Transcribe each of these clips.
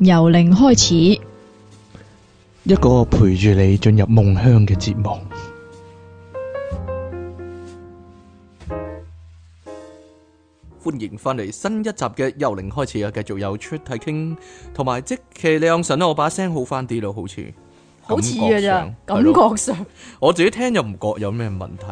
由零開始，一個陪住你進入夢鄉嘅節目。歡迎翻嚟新一集嘅《由零開始》啊！繼續有出嚟傾，同埋即其你安神啊！我把聲好翻啲咯，好似好似嘅咋？感覺上我自己聽又唔覺有咩問題。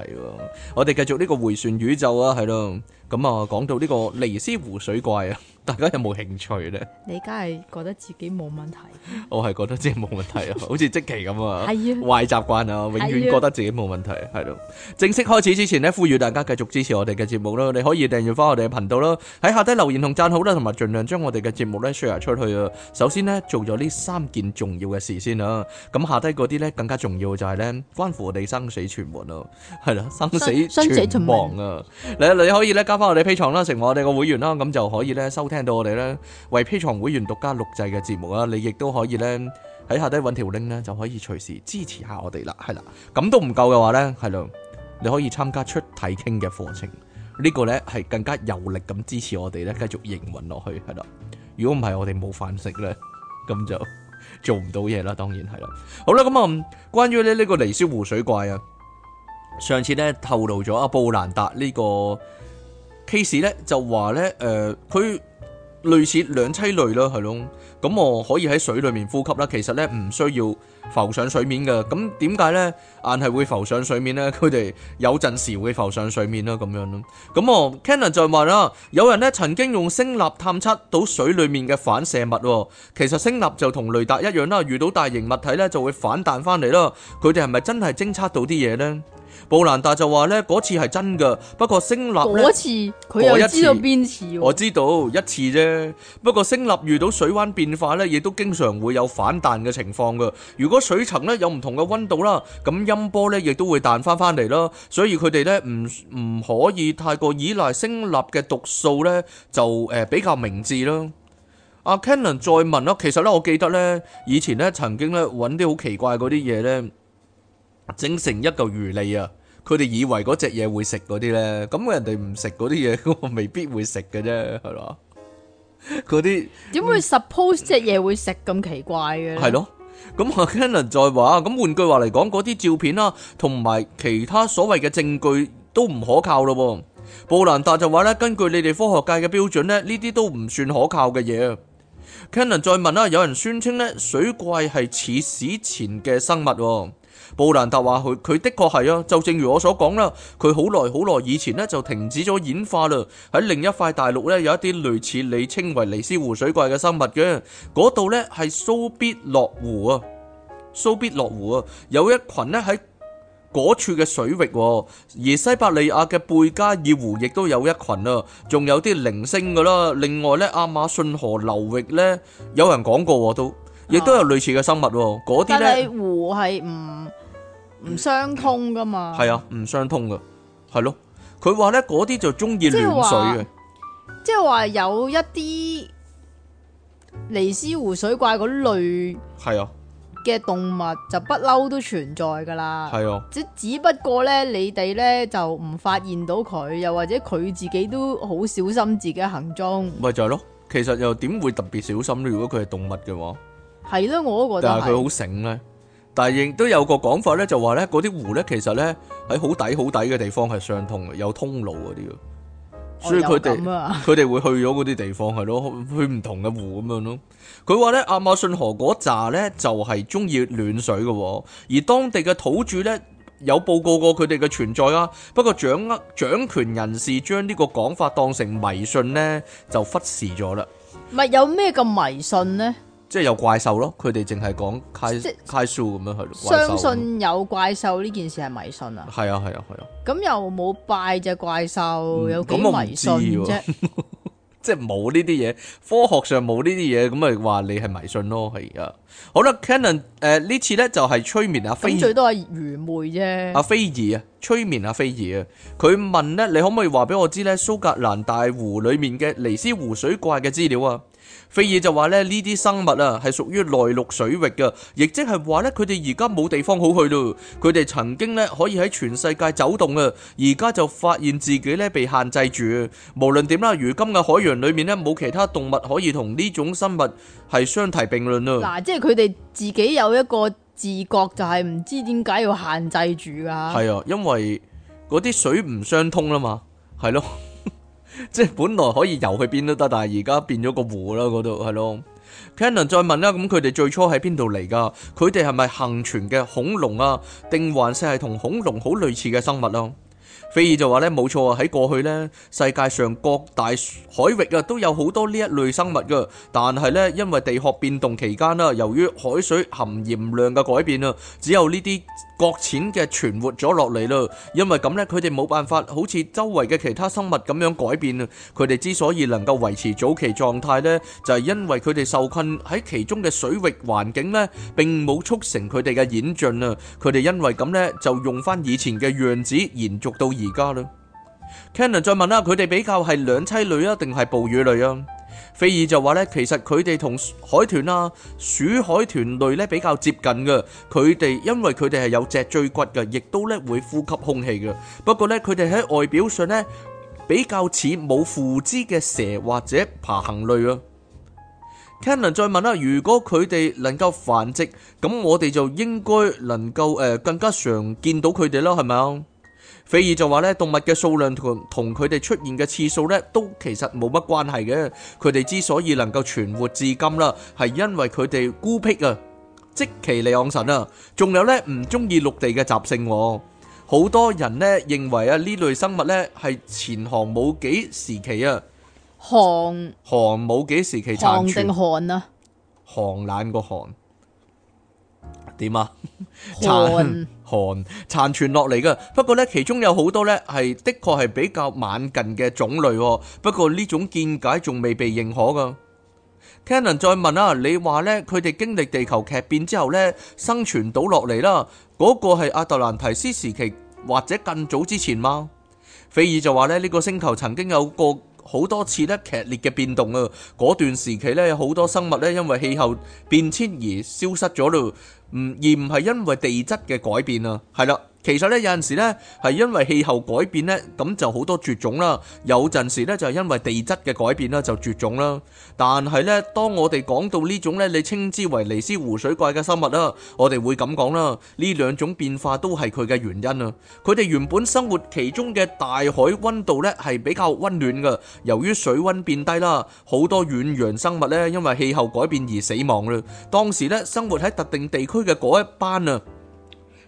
我哋繼續呢個回旋宇宙啊，係咯。咁啊，講到呢個尼斯湖水怪啊。大家有冇興趣咧？你梗係覺得自己冇問題？ 我係覺得自己冇問題啊， 好似積奇咁啊，壞習慣啊，永遠覺得自己冇問題，係咯的。的正式開始之前呢，呼籲大家繼續支持我哋嘅節目咯，你可以訂閱翻我哋嘅頻道咯，喺下低留言同讚好啦，同埋儘量將我哋嘅節目咧 share 出去啊。首先呢，做咗呢三件重要嘅事先啊。咁下低嗰啲咧更加重要，就係咧關乎我哋生死存亡啊，係啦，生死存亡啊。你你可以咧加翻我哋 P 床啦，成為我哋嘅會員啦，咁就可以咧收。聽到我哋咧為 P 藏會員獨家錄製嘅節目啦，你亦都可以咧喺下低揾條 link 咧，就可以隨時支持下我哋啦，係啦。咁都唔夠嘅話咧，係咯，你可以參加出題傾嘅課程，這個、呢個咧係更加有力咁支持我哋咧繼續營運落去，係啦。如果唔係，我哋冇飯食咧，咁就做唔到嘢啦，當然係啦。好啦，咁、嗯、啊，關於咧呢個尼斯湖水怪啊，上次咧透露咗阿布蘭達呢個 case 咧，就話咧誒，佢、呃。類似兩棲類咯，係、嗯、咯，咁、嗯、我可以喺水裡面呼吸啦。其實咧唔需要浮上水面嘅。咁點解咧？硬係會浮上水面咧？佢哋有陣時會浮上水面啦，咁樣咯。咁我 Cannon 就話啦，有人咧曾經用聲納探測到水裡面嘅反射物，其實聲納就同雷達一樣啦，遇到大型物體咧就會反彈翻嚟啦。佢哋係咪真係偵測到啲嘢咧？布蘭達就話呢，嗰次係真噶，不過聲納咧，我知道邊次、啊、次，我知道一次啫。不過聲納遇到水溫變化呢，亦都經常會有反彈嘅情況噶。如果水層呢有唔同嘅溫度啦，咁音波呢亦都會彈翻翻嚟啦。所以佢哋呢，唔唔可以太過依賴聲納嘅毒素呢，就誒比較明智啦。阿、啊、Cannon 再問啦，其實呢，我記得呢，以前呢曾經呢，揾啲好奇怪嗰啲嘢呢，整成一嚿魚脷啊！佢哋以為嗰隻嘢會食嗰啲咧，咁人哋唔食嗰啲嘢，咁我未必會食嘅啫，係咯？嗰啲點會 suppose 隻嘢會食咁奇怪嘅咧？係咯，咁啊 Cannon 再話，咁換句話嚟講，嗰啲照片啦，同埋其他所謂嘅證據都唔可靠咯。布蘭達就話咧，根據你哋科學界嘅標準咧，呢啲都唔算可靠嘅嘢。Cannon 再問啦，有人宣稱咧，水怪係似史前嘅生物。布蘭達話：佢佢的確係啊，就正如我所講啦。佢好耐好耐以前咧，就停止咗演化啦。喺另一塊大陸咧有一啲類似你稱為尼斯湖水怪嘅生物嘅，嗰度咧係蘇必洛湖啊，蘇必洛湖啊，有一群咧喺嗰處嘅水域，而西伯利亞嘅貝加爾湖亦都有一群啊，仲有啲零星噶啦。另外咧，亞馬遜河流域咧有人講過都，亦都有類似嘅生物。嗰啲咧湖係唔？唔相通噶嘛？係啊，唔相通噶，係咯。佢話咧嗰啲就中意暖水嘅，即係話有一啲尼斯湖水怪嗰類係啊嘅動物就不嬲都存在噶啦，係啊，即只不過咧你哋咧就唔發現到佢，又或者佢自己都好小心自己行蹤。咪就係咯，其實又點會特別小心咧？如果佢係動物嘅話，係咯，啊，我都覺得但係佢好醒咧。但係亦都有個講法咧，就話咧嗰啲湖咧，其實咧喺好底好底嘅地方係相通嘅，有通路嗰啲咯。有所以佢哋佢哋會去咗嗰啲地方，係咯，去唔同嘅湖咁樣咯。佢話咧亞馬遜河嗰扎咧就係中意暖水嘅，而當地嘅土著咧有報告過佢哋嘅存在啊。不過掌握掌權人士將呢個講法當成迷信咧，就忽視咗啦。唔係有咩咁迷信咧？即係有怪獸咯，佢哋淨係講，即係是怪咁樣去咯。相信有怪獸呢件事係迷信啊！係啊，係啊，係啊。咁又冇拜隻怪獸，嗯、有咁嘅迷信啫？嗯啊、 即係冇呢啲嘢，科學上冇呢啲嘢，咁咪話你係迷信咯？係啊。好啦，Canon，誒呢次咧就係催眠阿菲咁最多係愚昧啫。阿菲兒啊，催眠阿菲兒啊，佢問咧，你可唔可以話俾我知咧蘇格蘭大湖裡面嘅尼斯湖水怪嘅資料啊？菲爾就話咧，呢啲生物啊係屬於內陸水域嘅，亦即係話咧佢哋而家冇地方好去咯。佢哋曾經咧可以喺全世界走動啊，而家就發現自己咧被限制住。無論點啦，如今嘅海洋裏面咧冇其他動物可以同呢種生物係相提並論咯。嗱，即係佢哋自己有一個自覺，就係唔知點解要限制住噶。係啊，因為嗰啲水唔相通啊嘛，係咯。即係本來可以游去邊都得，但係而家變咗個湖啦，嗰度係咯。Canon 再問啦，咁佢哋最初喺邊度嚟㗎？佢哋係咪幸存嘅恐龍啊？定還是係同恐龍好類似嘅生物咯、啊？菲爾就話呢，冇錯啊，喺過去呢，世界上各大海域啊都有好多呢一類生物㗎。但係呢，因為地殼變動期間啦，由於海水含鹽量嘅改變啊，只有呢啲。擱淺嘅存活咗落嚟咯，因為咁呢，佢哋冇辦法好似周圍嘅其他生物咁樣改變啊。佢哋之所以能夠維持早期狀態呢，就係、是、因為佢哋受困喺其中嘅水域環境呢，並冇促成佢哋嘅演進啊。佢哋因為咁呢，就用翻以前嘅樣子延續到而家啦。Cannon 再問啦，佢哋比較係兩棲類啊，定係哺乳類啊？菲爾就話呢，其實佢哋同海豚啊、鼠海豚類呢比較接近嘅，佢哋因為佢哋係有脊椎骨嘅，亦都呢會呼吸空氣嘅。不過呢，佢哋喺外表上呢，比較似冇附肢嘅蛇或者爬行類咯，啊。Cannon 再問啦，如果佢哋能夠繁殖，咁我哋就應該能夠誒、呃、更加常見到佢哋咯，係咪啊？菲爾就話咧，動物嘅數量同同佢哋出現嘅次數咧，都其實冇乜關係嘅。佢哋之所以能夠存活至今啦，係因為佢哋孤僻啊，即奇利昂神啊，仲有咧唔中意陸地嘅習性。好多人咧認為啊，呢類生物咧係前寒武紀時期啊，寒寒武紀時期殘存寒定寒啊，寒冷個寒。點啊？殘殘殘存落嚟噶，不過呢，其中有好多呢係的確係比較晚近嘅種類。不過呢種見解仲未被認可噶。Canon 再問啊，你話呢？佢哋經歷地球劇變之後呢，生存到落嚟啦，嗰個係亞特蘭提斯時期或者更早之前嗎？菲爾就話呢，呢個星球曾經有個。好多次呢劇烈嘅變動啊，嗰段時期呢，好多生物呢，因為氣候變遷而消失咗嘞，唔而唔係因為地質嘅改變啊，係啦。其實咧，有陣時咧係因為氣候改變咧，咁就好多絕種啦。有陣時咧就係因為地質嘅改變啦，就絕種啦。但係咧，當我哋講到呢種咧，你稱之為尼斯湖水怪嘅生物啦，我哋會咁講啦。呢兩種變化都係佢嘅原因啊。佢哋原本生活其中嘅大海溫度咧係比較溫暖㗎，由於水溫變低啦，好多遠洋生物咧因為氣候改變而死亡啦。當時咧生活喺特定地區嘅嗰一班啊。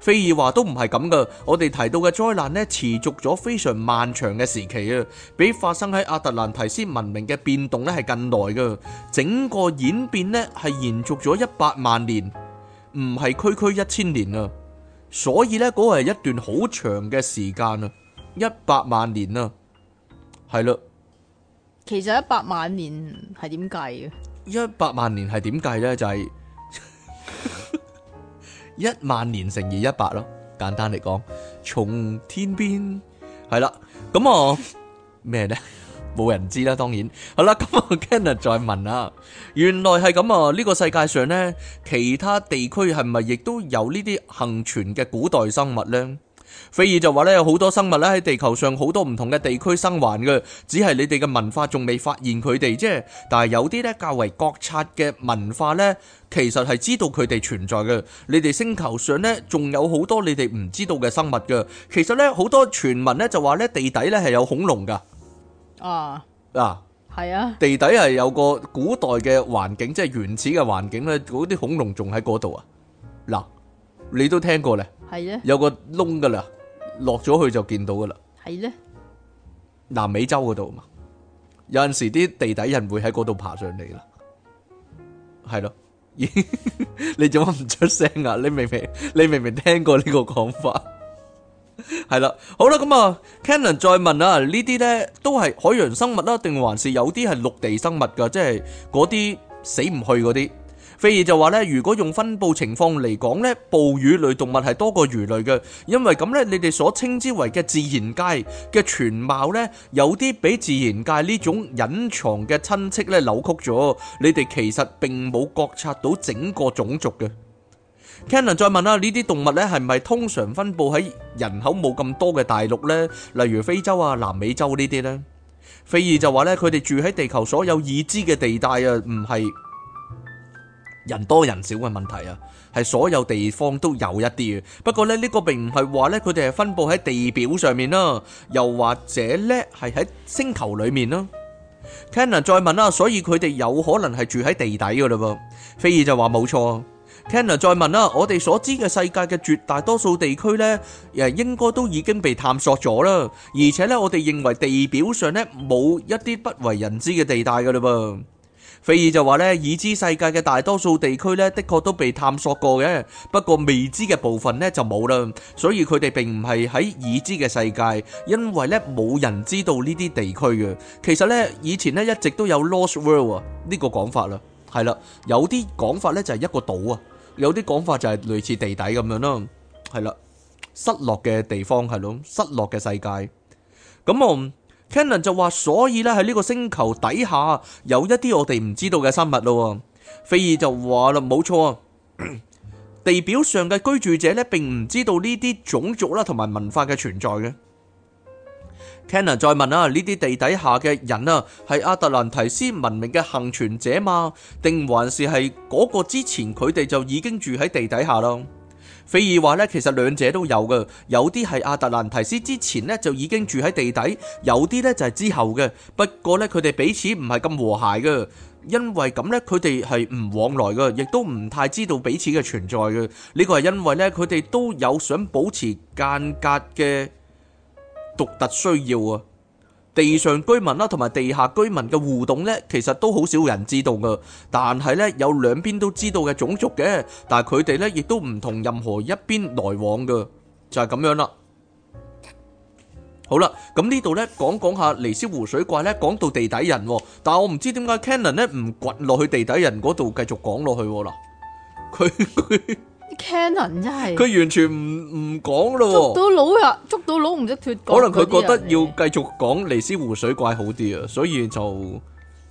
菲爾話都唔係咁噶我哋提到嘅災難咧，持續咗非常漫長嘅時期啊，比發生喺阿特蘭提斯文明嘅變動咧係近代噶整個演變咧係延續咗一百萬年，唔係區區一千年啊，所以呢，嗰個係一段好長嘅時間啊，一百萬年啊，係啦，其實一百萬年係點計啊？一百萬年係點計呢？就係，是。一萬年乘以一百咯，簡單嚟講，從天邊係啦，咁我咩咧？冇人知啦，當然。好啦，咁我 Ken 再問啦，原來係咁啊！呢個世界上咧，其他地區係咪亦都有呢啲幸存嘅古代生物咧？菲爾就話咧，有好多生物咧喺地球上好多唔同嘅地區生還嘅，只係你哋嘅文化仲未發現佢哋啫。但係有啲咧較為覺察嘅文化咧，其實係知道佢哋存在嘅。你哋星球上咧仲有好多你哋唔知道嘅生物嘅。其實咧好多傳聞咧就話咧，地底咧係有恐龍噶。啊嗱，係啊，啊啊，地底係有個古代嘅環境，即係原始嘅環境咧，嗰啲恐龍仲喺嗰度啊。嗱，你都聽過咧。係咧，有個窿噶啦，落咗去就見到噶啦。係咧，南美洲嗰度嘛，有陣時啲地底人會喺嗰度爬上嚟啦。係咯，咦，你做乜唔出聲啊？你明明，你明明聽過呢個講法。係啦，好啦，咁啊，Cannon 再問啊，呢啲咧都係海洋生物啦，定還是有啲係陸地生物噶？即係嗰啲死唔去嗰啲。菲爾就話咧，如果用分布情況嚟講咧，哺乳類動物係多過魚類嘅，因為咁咧，你哋所稱之為嘅自然界嘅全貌咧，有啲俾自然界呢種隱藏嘅親戚咧扭曲咗，你哋其實並冇覺察到整個種族嘅。Cannon 再問啦，呢啲動物咧係咪通常分布喺人口冇咁多嘅大陸咧，例如非洲啊、南美洲呢啲咧？菲爾就話咧，佢哋住喺地球所有已知嘅地帶啊，唔係。人多人少嘅問題啊，係所有地方都有一啲嘅。不過咧，呢個並唔係話咧，佢哋係分佈喺地表上面啦，又或者咧係喺星球裡面啦。Kenner 再問啦，所以佢哋有可能係住喺地底嘅嘞噃。菲爾就話冇錯。Kenner 再問啦，我哋所知嘅世界嘅絕大多數地區咧，誒應該都已經被探索咗啦，而且咧我哋認為地表上咧冇一啲不為人知嘅地帶嘅嘞噃。菲爾就話呢，已知世界嘅大多數地區呢，的確都被探索過嘅，不過未知嘅部分呢，就冇啦，所以佢哋並唔係喺已知嘅世界，因為呢冇人知道呢啲地區嘅。其實呢，以前呢，一直都有 Lost World 呢個講法啦，係啦，有啲講法呢，就係一個島啊，有啲講法就係類似地底咁樣咯，係啦，失落嘅地方係咯，失落嘅世界，咁、嗯、我。Cannon 就話，所以咧喺呢個星球底下有一啲我哋唔知道嘅生物咯。菲爾就話啦，冇錯，地表上嘅居住者咧，並唔知道呢啲種族啦同埋文化嘅存在嘅。Cannon 再問啊，呢啲地底下嘅人啊，係阿特蘭提斯文明嘅幸存者嘛，定還是係嗰個之前佢哋就已經住喺地底下咯？菲爾話呢，其實兩者都有嘅，有啲係阿特蘭提斯之前呢，就已經住喺地底，有啲呢，就係之後嘅。不過呢，佢哋彼此唔係咁和諧嘅，因為咁呢，佢哋係唔往來嘅，亦都唔太知道彼此嘅存在嘅。呢個係因為呢，佢哋都有想保持間隔嘅獨特需要啊。地上居民啦，同埋地下居民嘅互動咧，其實都好少人知道噶。但係咧，有兩邊都知道嘅種族嘅，但係佢哋咧亦都唔同任何一邊來往噶，就係咁樣啦。好啦，咁呢度咧講講下尼斯湖水怪咧，講到地底人，但係我唔知點解 Cannon 咧唔掘落去地底人嗰度繼續講落去啦，佢佢。Canon 真係佢完全唔唔講咯，捉到佬呀，捉到佬，唔識脫。可能佢覺得要繼續講尼斯湖水怪好啲啊，所以就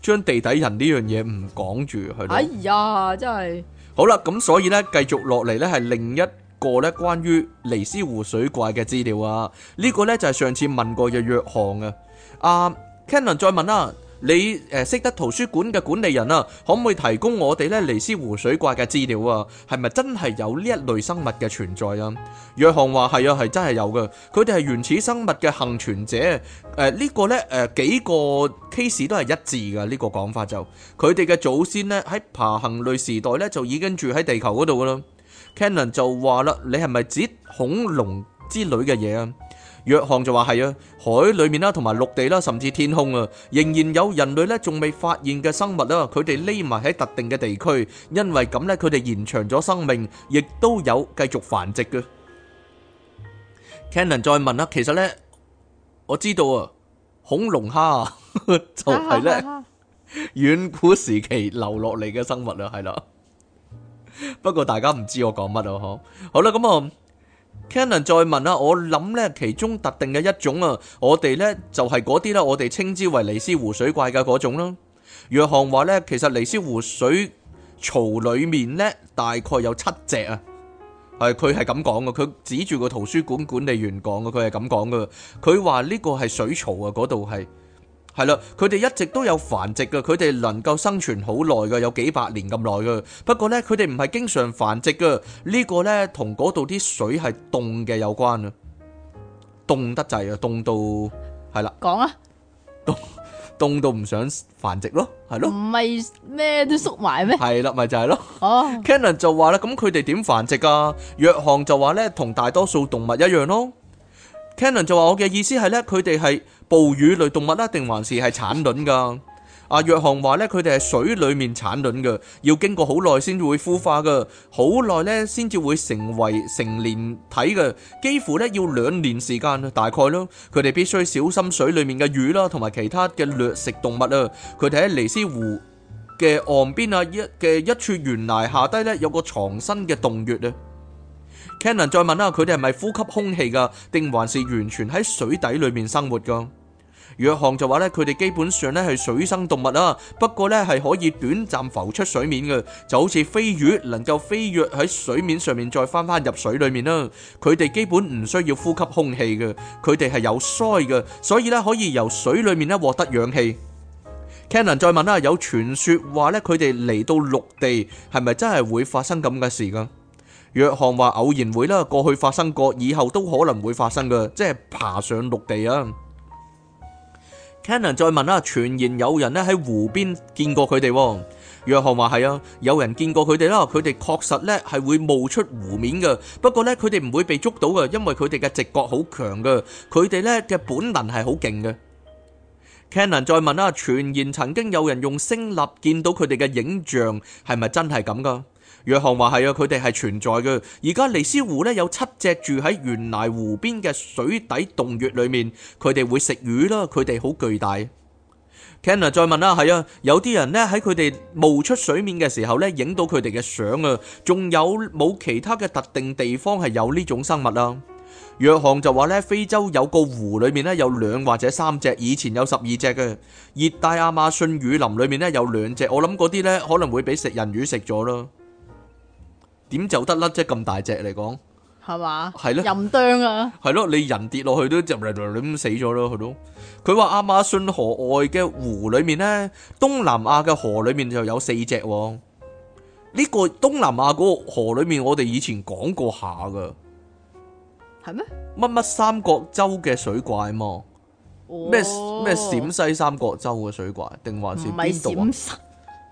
將地底人呢樣嘢唔講住佢。哎呀，真係好啦，咁所以咧，繼續落嚟咧，係另一個咧，關於尼斯湖水怪嘅資料啊。呢個咧就係上次問過嘅約翰啊。阿 Canon 再問啦。你誒識得圖書館嘅管理人啊，可唔可以提供我哋呢尼斯湖水怪嘅資料啊？係咪真係有呢一類生物嘅存在啊？約翰話係啊，係真係有嘅，佢哋係原始生物嘅幸存者。誒、呃、呢、這個呢誒、呃、幾個 case 都係一致嘅呢、這個講法就，佢哋嘅祖先呢，喺爬行類時代呢，就已經住喺地球嗰度嘅啦。Cannon 就話啦，你係咪指恐龍之類嘅嘢啊？約翰就話係啊，海裏面啦，同埋陸地啦，甚至天空啊，仍然有人類呢仲未發現嘅生物啦，佢哋匿埋喺特定嘅地區，因為咁呢，佢哋延長咗生命，亦都有繼續繁殖嘅。Cannon 再問啦，其實呢，我知道啊，恐龍蝦就係呢，遠古時期留落嚟嘅生物啊，係啦。不過大家唔知我講乜哦，嗬。好啦，咁啊。Canon 再問啊，我諗咧，其中特定嘅一種啊，我哋咧就係嗰啲咧，我哋稱之為尼斯湖水怪嘅嗰種咯。約翰話咧，其實尼斯湖水槽裡面咧，大概有七隻啊，係佢係咁講嘅，佢指住個圖書館管理員講嘅，佢係咁講嘅，佢話呢個係水槽啊，嗰度係。係啦，佢哋一直都有繁殖噶，佢哋能夠生存好耐噶，有幾百年咁耐噶。不過咧，佢哋唔係經常繁殖噶，呢個咧同嗰度啲水係凍嘅有關啊，凍得滯啊，凍到係啦。講啊，凍凍到唔想繁殖咯，係咯？唔係咩都縮埋咩？係啦，咪就係咯。哦，Cannon 就話咧，咁佢哋點繁殖啊？約翰就話咧，同大多數動物一樣咯。Cannon 就話我嘅意思係咧，佢哋係。哺乳類動物啦，定還是係產卵噶？阿約翰話呢，佢哋係水裏面產卵嘅，要經過好耐先至會孵化噶，好耐呢，先至會成為成年體嘅，幾乎呢，要兩年時間啊，大概咯。佢哋必須小心水裏面嘅魚啦，同埋其他嘅掠食動物啊。佢哋喺尼斯湖嘅岸邊啊，一嘅一處懸崖下低呢，有個藏身嘅洞穴啊。Cannon 再問啦，佢哋係咪呼吸空氣噶，定還是完全喺水底裏面生活噶？約翰就話咧，佢哋基本上咧係水生動物啦，不過咧係可以短暫浮出水面嘅，就好似飛魚能夠飛躍喺水面上面再翻翻入水裏面啦。佢哋基本唔需要呼吸空氣嘅，佢哋係有鰓嘅，所以咧可以由水裏面咧獲得氧氣。Cannon 再問啦，有傳說話咧佢哋嚟到陸地係咪真係會發生咁嘅事噶？約翰話偶然會啦，過去發生過，以後都可能會發生嘅，即係爬上陸地啊。Cannon 再問啦，傳言有人呢喺湖邊見過佢哋。約翰話係啊，有人見過佢哋啦，佢哋確實呢係會冒出湖面嘅。不過呢，佢哋唔會被捉到嘅，因為佢哋嘅直覺好強嘅，佢哋呢嘅本能係好勁嘅。Cannon 再問啦，傳言曾經有人用聲納見到佢哋嘅影像，係咪真係咁噶？約翰話係啊，佢哋係存在嘅。而家尼斯湖呢，有七隻住喺原嚟湖邊嘅水底洞穴裏面，佢哋會食魚啦。佢哋好巨大。Kenner 再問啦，係啊，有啲人呢，喺佢哋冒出水面嘅時候呢，影到佢哋嘅相啊。仲有冇其他嘅特定地方係有呢種生物啊？約翰就話呢，非洲有個湖裏面呢，有兩或者三隻，以前有十二隻嘅熱帶亞馬遜雨林裏面呢，有兩隻。我諗嗰啲呢，可能會俾食人魚食咗啦。點就得甩啫？咁大隻嚟講，係嘛？係咯，任蕩丁啊！係咯，你人跌落去都就嚟嚟咁死咗咯，佢都。佢話亞馬遜河外嘅湖裏面呢，東南亞嘅河裏面就有四隻、哦。呢、這個東南亞嗰個河裏面，我哋以前講過下噶，係咩嗎？乜乜三角洲嘅水怪嘛？咩咩陝西三角洲嘅水怪定還是邊度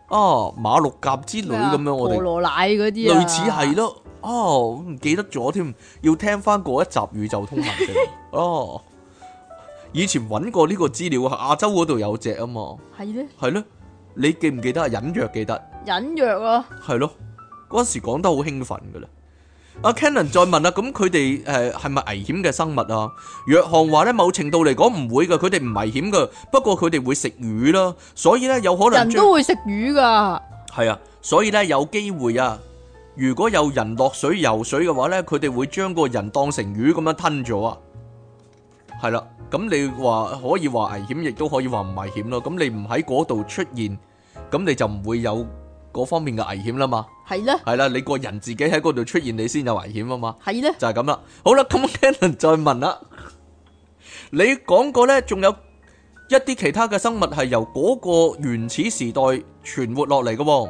啊，馬六甲之類咁樣麼我哋們，摩羅奶嗰啲啊，類似係咯。哦，唔記得咗添，要聽翻嗰一集宇宙通行嘅。哦、 啊，以前揾過呢個資料啊，亞洲嗰度有隻啊嘛。係咧的。係咧，你記唔記得啊？隱約記得。隱約啊。係咯，嗰陣時講得好興奮㗎啦。阿 Canon 再問啦，咁佢哋誒係咪危險嘅生物啊？若翰話咧，某程度嚟講唔會噶，佢哋唔危險噶，不過佢哋會食魚啦，所以咧有可能人都會食魚噶。係啊，所以咧有機會啊，如果有人落水游水嘅話咧，佢哋會將個人當成魚咁樣吞咗啊。係啦，咁你話可以話危險，亦都可以話唔危險咯。咁你唔喺嗰度出現，咁你就唔會有嗰方面嘅危險啦嘛，係咧，係啦，你個人自己喺嗰度出現，你先有危險啊嘛，係咧，就係咁啦。好啦，咁 Ken 再問啦，你講過咧，仲有一啲其他嘅生物係由嗰個原始時代存活落嚟嘅。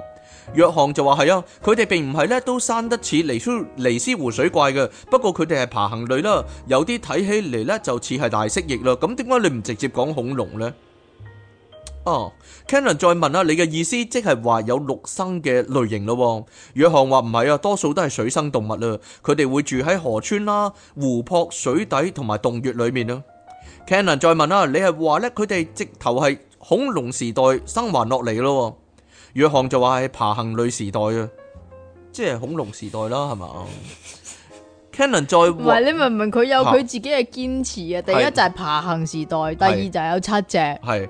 約翰就話係啊，佢哋並唔係咧都生得似尼斯尼斯湖水怪嘅，不過佢哋係爬行類啦，有啲睇起嚟咧就似係大蜥蜴啦。咁點解你唔直接講恐龍咧？哦、oh，Cannon 再問啦，你嘅意思即係話有陸生嘅類型咯、哦？約翰話唔係啊，多數都係水生動物啊。佢哋會住喺河川啦、湖泊水底同埋洞穴裡面啊。Cannon 再問啦，你係話咧佢哋直頭係恐龍時代生還落嚟咯？約翰就話係爬行類時代啊，即係恐龍時代啦，係咪啊？Cannon 再問，唔係，你問問佢有佢自己嘅堅持啊，第一就係爬行時代，係，第二就係有七隻，係。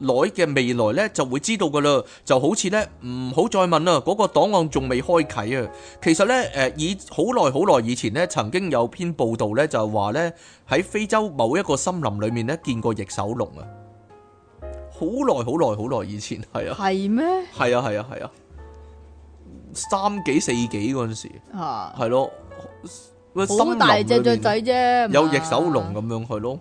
來嘅未來呢就會知道噶啦，就好似呢，唔好再問啦，嗰、那個檔案仲未開啟啊！其實呢，誒、呃，以好耐好耐以前呢，曾經有篇報道呢，就係話呢，喺非洲某一個森林裏面呢，見過翼手龍很久很久很久啊！好耐好耐好耐以前係啊，係咩、啊？係啊係啊係啊，三幾四幾嗰陣時啊，係咯、啊，好大只隻仔啫，有翼手龍咁樣去咯，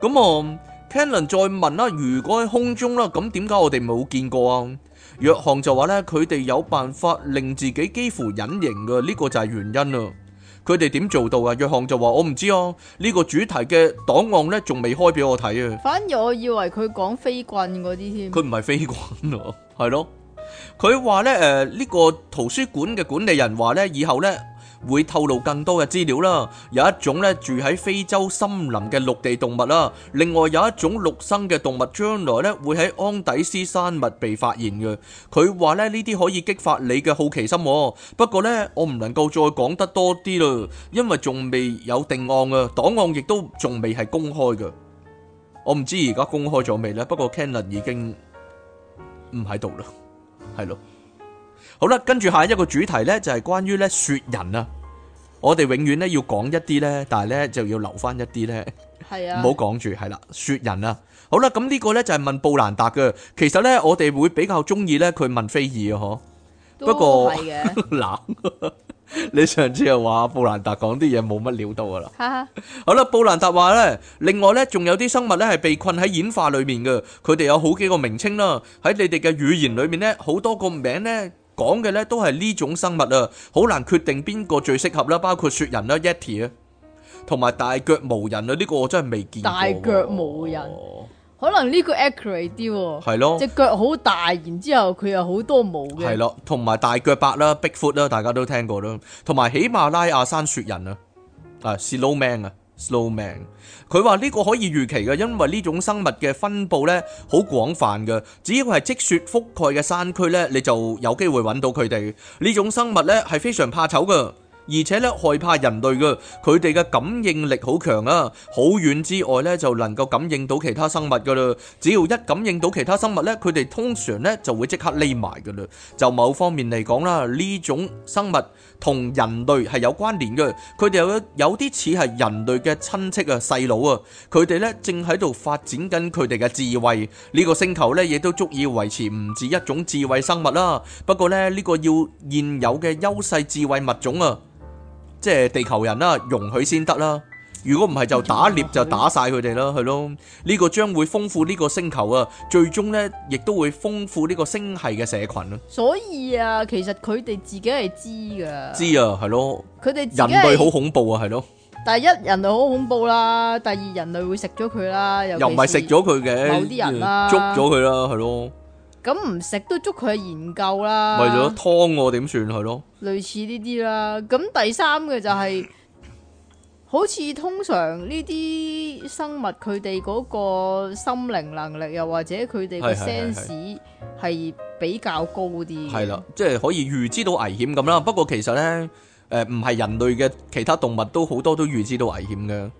咁我嗎。Cannon 再問啦，如果喺空中啦，咁點解我哋冇見過啊？約翰就話咧，佢哋有辦法令自己幾乎隱形嘅，呢、這個就係原因啦。佢哋點做到啊？約翰就話我唔知啊，呢、這個主題嘅檔案咧仲未開俾我睇啊。反而我以為佢講飛棍嗰啲添。佢唔係飛棍咯，係 咯。佢話咧，誒、呃、呢、這個圖書館嘅管理人話咧，以後咧。會透露更多嘅資料啦，有一種咧住喺非洲森林嘅陸地動物啦，另外有一種陸生嘅動物將來咧會喺安第斯山脈被發現嘅。佢話咧，呢啲可以激發你嘅好奇心，不過呢，我唔能夠再講得多啲啦，因為仲未有定案啊，檔案亦都仲未係公開嘅。我唔知而家公開咗未呢？不過 Cannon 已經唔喺度啦，係 咯。好啦，跟住下一個主題呢，就係關於呢雪人啊。我哋永遠呢要講一啲呢，但係呢就要留翻一啲呢。係啊的，唔好講住係啦。雪人啊，好啦，咁、嗯、呢、這個呢，就係問布蘭達嘅。其實呢，我哋會比較中意呢，佢問菲爾啊，嗬。不過係嘅冷。 你上次又話布蘭達講啲嘢冇乜料到噶啦。 好啦，布蘭達話呢，另外呢，仲有啲生物呢，係被困喺演化裏面嘅，佢哋有好幾個名稱啦。喺你哋嘅語言裏面呢，好多個名呢。講嘅咧都係呢種生物啊，好難決定邊個最適合啦，包括雪人啦、Yeti 啊，同埋大腳毛人啊，呢個我真係未見過。大腳毛人，可能呢個 accurate 啲喎。係咯，隻腳好大，然之後佢又好多毛嘅。係咯，同埋大腳白啦，Bigfoot 啦，大家都聽過啦，同埋喜馬拉雅山雪人啊，啊，Snowman 啊。Snowman，佢話呢個可以預期嘅，因為呢種生物嘅分布呢好廣泛嘅，只要係積雪覆蓋嘅山區呢，你就有機會揾到佢哋。呢種生物呢係非常怕醜嘅，而且呢害怕人類嘅，佢哋嘅感應力好強啊，好遠之外呢，就能夠感應到其他生物噶啦。只要一感應到其他生物呢，佢哋通常呢就會即刻匿埋噶啦。就某方面嚟講啦，呢種生物同人類係有關聯嘅，佢哋有有啲似係人類嘅親戚啊、細佬啊，佢哋呢正喺度發展緊佢哋嘅智慧。呢個星球呢，亦都足以維持唔止一種智慧生物啦。不過呢，呢個要現有嘅優勢智慧物種啊，即係地球人啦，容許先得啦。如果唔係就打獵就打晒佢哋咯，係咯？呢個將會豐富呢個星球啊，最終呢，亦都會豐富呢個星系嘅社群啊。所以啊，其實佢哋自己係知噶。知啊，係咯。佢哋人類好恐怖啊，係咯。第一，人類好恐怖啦。第二，人類會食咗佢啦。又唔係食咗佢嘅。有啲人啦，捉咗佢啦，係咯。咁唔食都捉佢研究啦。為咗湯我點算係咯？類似呢啲啦。咁第三個就係、是。好似通常呢啲生物佢哋嗰個心靈能力，又或者佢哋嘅 sense 係比較高啲。係啦，即係可以預知到危險咁啦。不過其實咧，誒唔係人類嘅其他動物都好多都預知到危險嘅，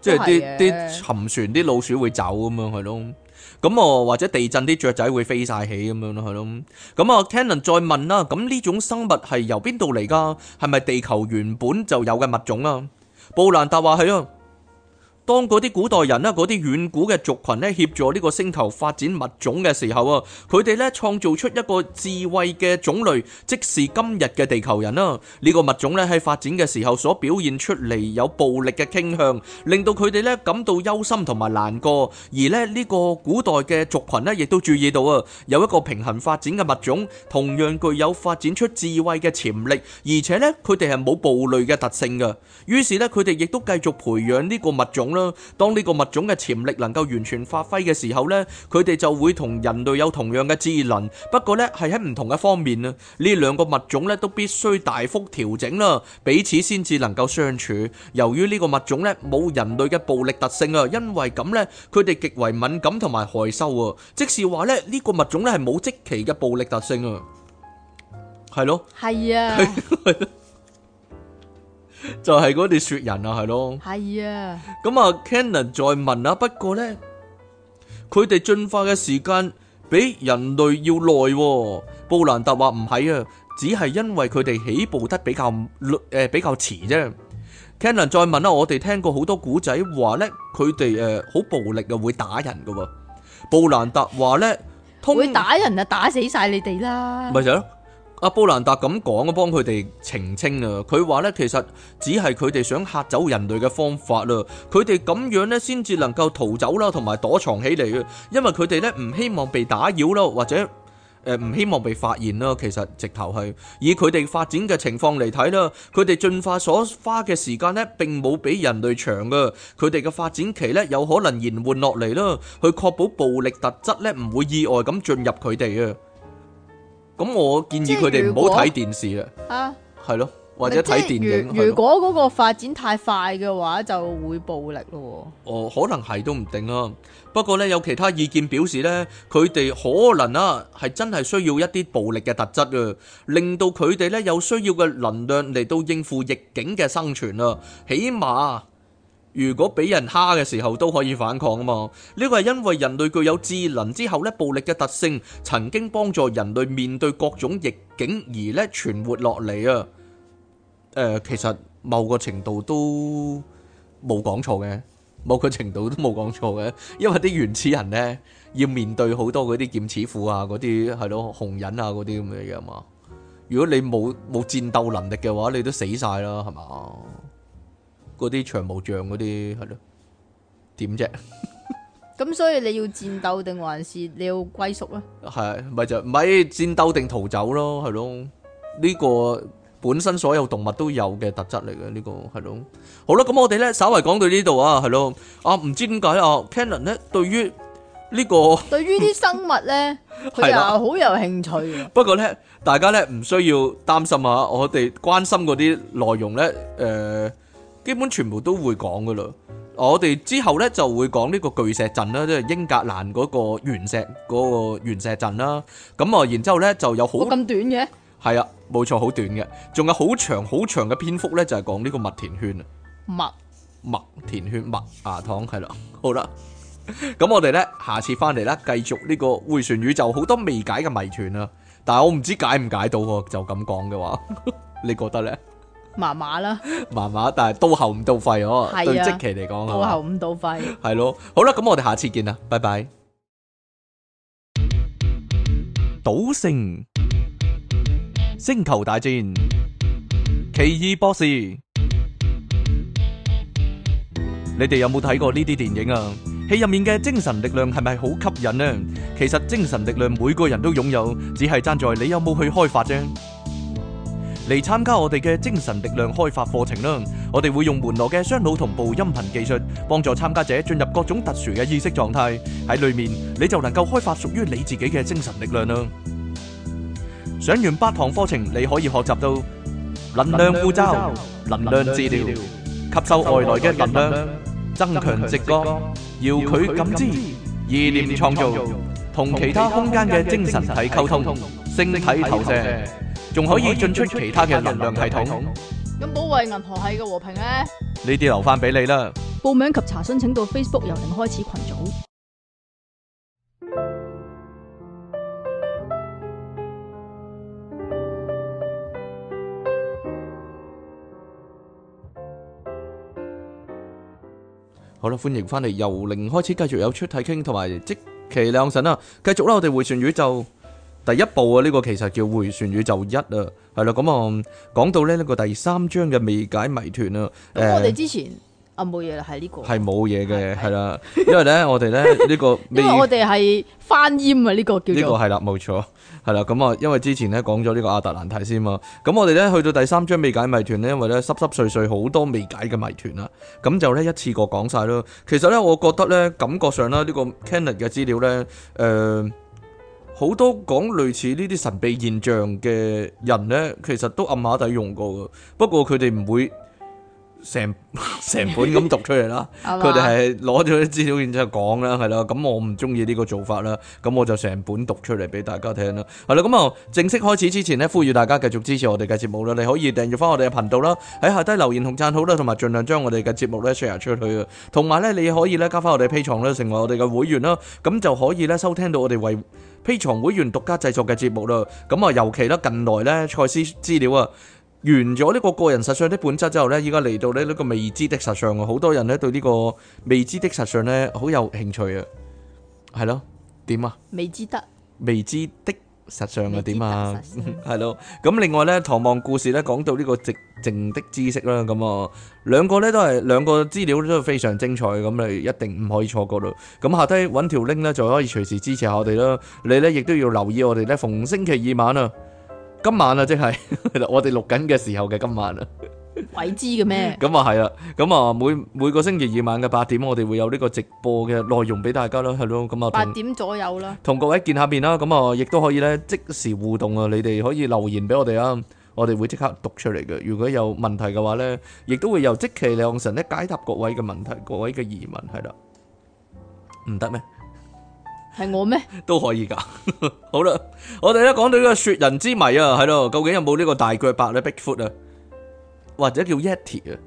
即係啲啲沉船啲老鼠會走咁樣係咯。咁啊或者地震啲雀仔會飛晒起咁樣咯係咯。咁啊 Tanner 再問啦，咁呢種生物係由邊度嚟噶，係咪地球原本就有嘅物種啊？布蘭達話係啊。當嗰啲古代人啦，嗰啲遠古嘅族群呢協助呢個星球發展物種嘅時候啊，佢哋呢創造出一個智慧嘅種類，即是今日嘅地球人啊。呢個物種呢喺發展嘅時候所表現出嚟有暴力嘅傾向，令到佢哋呢感到憂心同埋難過。而呢呢個古代嘅族群呢亦都注意到啊，有一個平衡發展嘅物種，同樣具有發展出智慧嘅潛力，而且呢佢哋係冇暴類嘅特性嘅。於是呢佢哋亦都繼續培養呢個物種。當呢個物種嘅潛力能夠完全發揮嘅時候咧，佢哋就會同人類有同樣嘅智能，不過咧係喺唔同嘅方面啊。呢兩個物種咧都必須大幅調整啦，彼此先至能夠相處。由於呢個物種咧冇人類嘅暴力特性啊，因為咁咧，佢哋極為敏感同埋害羞啊。即是話咧，呢個物種咧係冇積極嘅暴力特性啊，係咯，係啊，係咯。就係嗰啲雪人啊，係咯，係啊。咁啊，Cannon 再問啊，不過咧，佢哋進化嘅時間比人類要耐喎。布蘭達話唔係啊，只係因為佢哋起步得比較，誒比較遲啫。Cannon 再問啦，我哋聽過好多古仔話咧，佢哋誒好暴力啊，會打人㗎。布蘭達話咧，同會打人啊，打死晒你哋啦。咪就係咯。阿布蘭達咁講，幫佢哋澄清啊！佢話咧，其實只係佢哋想嚇走人類嘅方法啦。佢哋咁樣咧，先至能夠逃走啦，同埋躲藏起嚟啊。因為佢哋咧唔希望被打擾啦，或者誒唔希望被發現啦。其實直頭係以佢哋發展嘅情況嚟睇啦，佢哋進化所花嘅時間咧，並冇比人類長噶。佢哋嘅發展期咧，有可能延緩落嚟啦，去確保暴力特質咧唔會意外咁進入佢哋啊。咁我建議佢哋唔好睇電視啦，係咯，或者睇電影。如果嗰個發展太快嘅話，就會暴力咯。哦，可能係都唔定啊。不過呢，有其他意見表示呢，佢哋可能啊係真係需要一啲暴力嘅特質啊，令到佢哋呢有需要嘅能量嚟到應付逆境嘅生存啊，起碼。如果俾人蝦嘅時候都可以反抗啊嘛。呢個係因為人類具有智能之後咧，暴力嘅特性曾經幫助人類面對各種逆境而咧存活落嚟啊。誒、呃，其實某個程度都冇講錯嘅，某個程度都冇講錯嘅，因為啲原始人呢要面對好多嗰啲劍齒虎啊、嗰啲係咯紅人啊嗰啲咁嘅嘢嘛。如果你冇冇戰鬥能力嘅話，你都死晒啦，係嘛？嗰啲長毛象嗰啲係咯，點啫？咁 所以你要戰鬥定還，還是你要歸屬啊？係咪就唔係戰鬥定逃走咯？係咯，呢、這個本身所有動物都有嘅特質嚟嘅呢個係咯。好啦，咁我哋咧，稍微講到呢度啊，係咯。啊，唔知點解啊，Canon 咧，對於呢、這個，對於啲生物咧，佢 的又好有興趣嘅。 不過咧，大家咧唔需要擔心啊！我哋關心嗰啲內容咧，誒、呃。基本全部都會講噶啦，我哋之後咧就會講呢個巨石陣啦，即係英格蘭嗰個圓石嗰個圓石陣啦。咁啊，然之後咧就有好咁短嘅，係啊，冇錯，好短嘅，仲有好長好長嘅篇幅咧，就係講呢個麥田圈啊，麥麥田圈麥芽糖係啦，好啦，咁我哋咧下次翻嚟啦，繼續呢個迴旋宇宙，好多未解嘅謎團啊，但係我唔知解唔解到喎，就咁講嘅話，你覺得咧？麻麻啦，麻麻，但係到喉唔到肺哦、啊。啊、對即期嚟講，到喉唔到肺。係咯，好啦，咁我哋下次見啦，拜拜。賭聖、 星球大戰、奇異博士，你哋有冇睇過呢啲電影啊？戲入面嘅精神力量係咪好吸引呢、啊？其實精神力量每個人都擁有，只係爭在你有冇去開發啫。嚟參加我哋嘅精神力量開發課程啦！我哋會用門羅嘅雙腦同步音頻技術，幫助參加者進入各種特殊嘅意識狀態。喺裏面你就能夠開發屬於你自己嘅精神力量啦！上完八堂課程，你可以學習到能量護罩、能量治療、吸收外來嘅能量、增強直覺、遙距感知、意念創造、同其他空間嘅精神體溝通、星體投射。仲可以進出其他嘅能量系統。咁保衛銀河系嘅和平咧？呢啲留翻俾你啦。報名及查詢，請到 Facebook 由零開始群組。好啦，歡迎翻嚟由零開始，繼續有出題傾，同埋積其兩神啊！繼續啦，我哋回旋宇宙。第一步啊，呢、這個其實叫迴旋宇宙一啊，係啦。咁、嗯、啊，講到咧呢、這個第三章嘅未解謎團啊。咁我哋之前啊冇嘢啦，係呢、呃這個係冇嘢嘅，係啦。因為咧我哋咧呢、 這個，因為我哋係翻閲啊，呢、這個叫做呢、這個係啦，冇錯，係啦。咁啊，因為之前咧講咗呢講個亞特蘭蒂斯嘛，咁、嗯嗯、我哋咧去到第三章未解謎團咧，因為咧濕濕碎碎好多未解嘅謎團啦，咁就咧一次過講晒咯。其實咧，我覺得咧感覺上啦，呢、這個 Kenneth 嘅資料咧，誒、呃。呃好多講類似呢啲神秘現象嘅人呢，其實都暗馬底用過嘅。不過佢哋唔會成成本咁讀出嚟啦。佢哋係攞咗啲資料然之後講啦，係啦。咁我唔中意呢個做法啦。咁我就成本讀出嚟俾大家聽啦。係啦。咁啊，正式開始之前呢，呼籲大家繼續支持我哋嘅節目啦。你可以訂閱翻我哋嘅頻道啦，喺下低留言同讚好啦，同埋儘量將我哋嘅節目咧 share 出去啊。同埋咧，你可以咧加翻我哋 Patreon 啦，成為我哋嘅會員啦，咁就可以咧收聽到我哋為 Patreon 會員獨家製作嘅節目啦，咁啊尤其咧近來呢，賽斯資料啊完咗呢個個人實相的本質之後呢，依家嚟到呢，呢個未知的實相啊，好多人呢對呢個未知的實相呢，好有興趣啊，係咯，點啊未知的，未知的。實上係點啊？係咯，咁 另外呢，唐望故事呢講到呢個寂靜的知識啦。咁啊，兩個呢都係兩個資料都非常精彩，咁你一定唔可以錯過咯。咁下低搵條 link 呢，就可以隨時支持下我哋啦。你呢亦都要留意我哋呢逢星期二晚啊，今晚啊，即係 我哋錄緊嘅時候嘅今晚啊。鬼知嘅咩？咁啊係啦，咁啊每每個星期二晚嘅八點，我哋會有呢個直播嘅內容俾大家咯，係咯，咁啊八點左右啦，同各位見下面啦，咁啊亦都可以咧即時互動啊，你哋可以留言俾我哋啊，我哋會即刻讀出嚟嘅。如果有問題嘅話咧，亦都會由即期亮神咧解答各位嘅問題，各位嘅疑問係啦，唔得咩？係我咩？都可以噶。好啦，我哋咧講到呢個雪人之謎啊，係咯，究竟有冇呢個大腳白咧？Bigfoot 啊？或者叫 Yeti 啊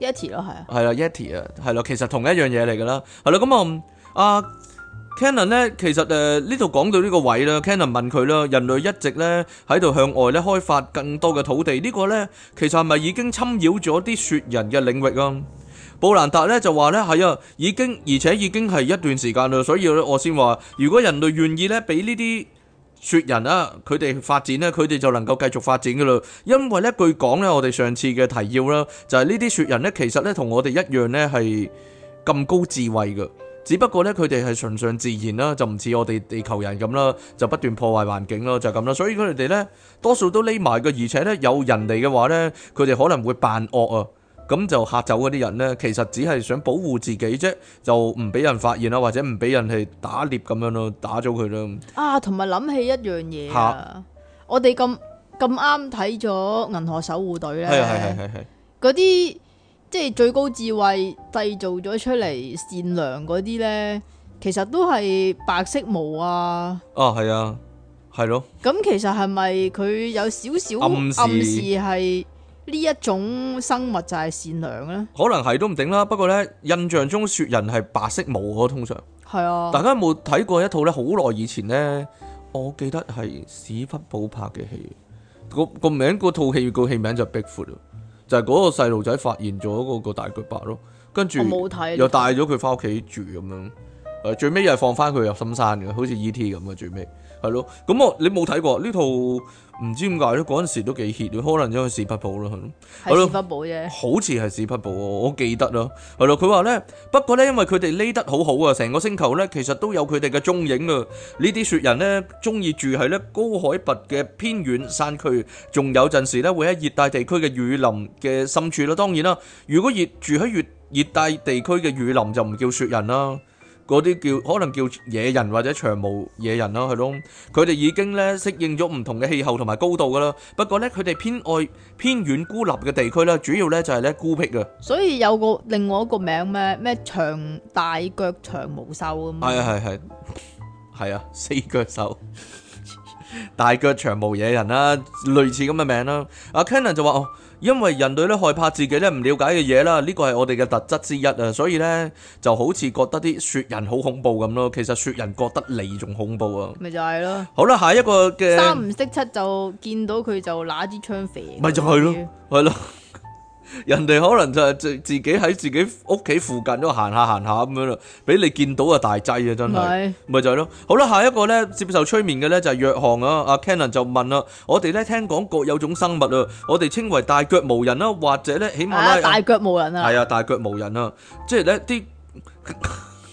，Yeti 咯，係啊，係啦 Yeti 啊，係咯，其實同一樣嘢嚟噶啦，係咯，咁啊，阿 Cannon 咧，其實誒呢度講到呢個位啦，Cannon 問佢啦，人類一直咧喺度向外咧開發更多嘅土地，呢個咧其實係咪已經侵擾咗啲雪人嘅領域啊？布蘭達咧就話咧係啊，已經而且已經係一段時間啦，所以咧我先話，如果人類願意咧，俾呢啲。雪人啦、啊，佢哋發展咧，佢哋就能夠繼續發展噶啦。因為咧，據講咧，我哋上次嘅提要啦，就係呢啲雪人咧，其實咧同我哋一樣咧係咁高智慧噶，只不過咧佢哋係崇尚自然啦，就唔似我哋地球人咁啦，就不斷破壞環境囉，就咁、是、啦。所以佢哋咧，多數都匿埋噶，而且咧有人嚟嘅話咧，佢哋可能會扮惡啊。咁就嚇走嗰啲人呢，其實只係想保護自己啫，就唔俾人發現啦，或者唔俾人去打獵咁樣咯，打咗佢咯。啊，同埋諗起一樣嘢哈我哋咁咁啱睇咗《銀河守護隊》呢、哎呀，係係係係係，嗰啲些即係最高智慧製造咗出嚟善良嗰啲呢，其實都係白色毛啊。啊，係啊，係咯。咁其實係咪佢有少少暗示係？呢一種生物就係善良咧，可能係都唔定啦。不過咧，印象中雪人係白色毛嘅，通常係啊。大家有冇睇過一套咧，好耐以前咧，我記得係史匹堡拍嘅戲，個個名個套戲個戲名就《Bigfoot》咯，就係嗰個細路仔發現咗嗰個大腳白咯，跟住又帶咗佢翻屋企住咁樣，誒、啊、最尾又係放翻佢入深山嘅，好似 E.T. 咁嘅最尾。係咯，咁我你冇睇過呢套，唔知點解咧？嗰陣時都幾熱，可能因為史匹堡啦，係咯，史匹堡啫，好似係史匹堡啊，我記得啦，係咯，佢話咧，不過咧，因為佢哋匿得好好啊，成個星球咧，其實都有佢哋嘅蹤影啊。呢啲雪人咧，中意住喺咧高海拔嘅偏遠山區，仲有陣時咧會喺熱帶地區嘅雨林嘅深處啦。當然啦，如果熱住越住喺越熱帶地區嘅雨林，就唔叫雪人啦。嗰啲叫可能叫野人或者長毛野人啦，係咯，佢哋已經咧適應咗唔同嘅氣候同埋高度噶啦。不過咧，佢哋偏愛偏遠孤立嘅地區咧，主要咧就係、是、咧孤僻嘅。所以有個另外一個名咩咩長大腳長毛獸咁啊，係係係係啊，四腳獸 大腳長毛野人啦，類似咁嘅名啦。阿 Ken n e 就話。哦因為人類咧害怕自己咧唔了解嘅嘢啦，呢個係我哋嘅特質之一啊，所以咧就好似覺得啲雪人好恐怖咁咯。其實雪人覺得你仲恐怖啊，咪就係咯。好啦，下一個嘅三唔識七就見到佢就拿支槍飛。咪就係咯，係咯。了 人哋可能就係自自己喺自己屋企附近都行下行下咁樣啦，俾你見到啊，大劑啊真係，咪是就係咯。好啦，下一個咧接受催眠嘅咧就係約翰啊。阿 Canon 就問啦、啊，我哋咧聽講各有種生物啊，我哋稱為大腳無人啦、啊，或者咧起碼咧、啊啊、大腳無人啊，係啊，大腳，啊，啊大腳無人啊，即係咧啲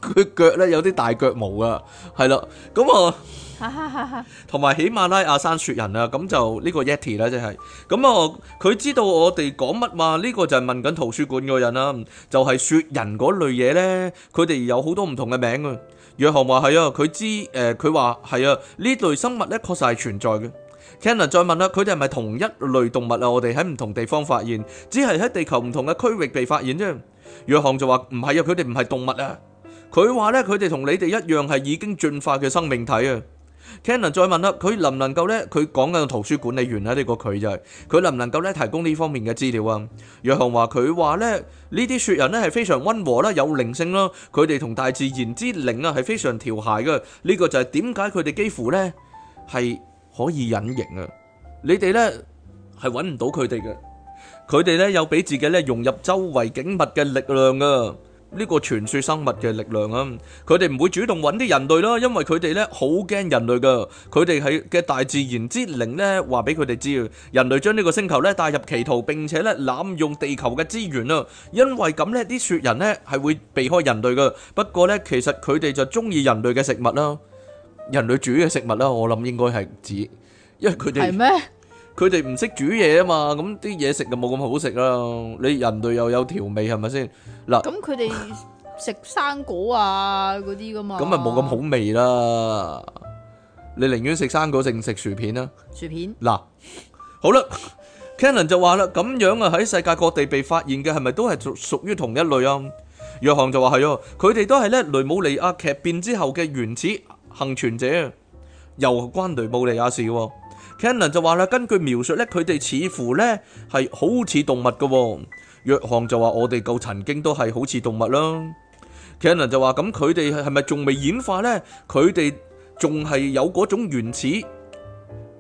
佢腳咧有啲大腳毛啊，係啦，咁啊。哈哈哈哈哈，同埋喜馬拉雅山雪人啊，咁就呢個 Yeti 啦，真係咁啊！佢知道我哋講乜嘛？呢個就係問緊圖書館個人啦，就係雪人嗰類嘢咧，佢哋有好多唔同嘅名啊！約翰話係啊，佢知誒，佢話係啊，呢類生物咧確實係存在嘅。Kenner 再問啦，佢哋係咪同一類動物啊？我哋喺唔同地方發現，只係喺地球唔同嘅區域被發現啫。約翰就話唔係啊，佢哋唔係動物啊，佢話咧佢哋同你哋一樣係已經進化嘅生命體啊！Cannon 再問啦，佢能唔能夠咧？佢講緊圖書管理員啦，呢個佢就係佢能唔能夠咧提供呢方面嘅資料啊？約翰話：佢話咧，呢啲雪人咧係非常溫和啦，有靈性啦，佢哋同大自然之靈啊係非常調諧嘅。呢個就係點解佢哋幾乎咧係可以隱形啊。你哋咧係揾唔到佢哋嘅，佢哋咧有俾自己咧融入周圍景物嘅力量㗎。呢個傳說生物嘅力量啊，佢哋唔會主動揾啲人類啦，因為佢哋咧好驚人類噶，佢哋係嘅大自然之靈咧，話俾佢哋知，啊，人類將呢個星球咧帶入歧途，並且咧濫用地球嘅資源啊，因為咁呢啲雪人呢係會避開人類噶。不過呢，其實佢哋就中意人類嘅食物啦，人類煮嘅食物啦，我諗應該係指，因為佢哋係咩？佢哋唔識煮嘢啊嘛，咁啲嘢食就冇咁好食啦。你人類又有調味係咪先？嗱，咁佢哋食生果啊嗰啲噶嘛，咁咪冇咁好味啦。你寧願食生果定食薯片啊？薯片。嗱，好啦，Cannon 就話啦，咁樣啊喺世界各地被發現嘅係咪都係屬屬於同一類啊？約翰就話係哦，佢哋都係咧雷姆尼亞劇變之後嘅原始幸存者，又關雷姆尼亞事嘅。Kenan 就話根據描述咧，佢哋似乎咧係好似動物嘅。約翰就話我哋夠曾經都係好似動物啦。Kenan 就話咁佢哋係咪仲未演化咧？佢哋仲係有嗰種原始。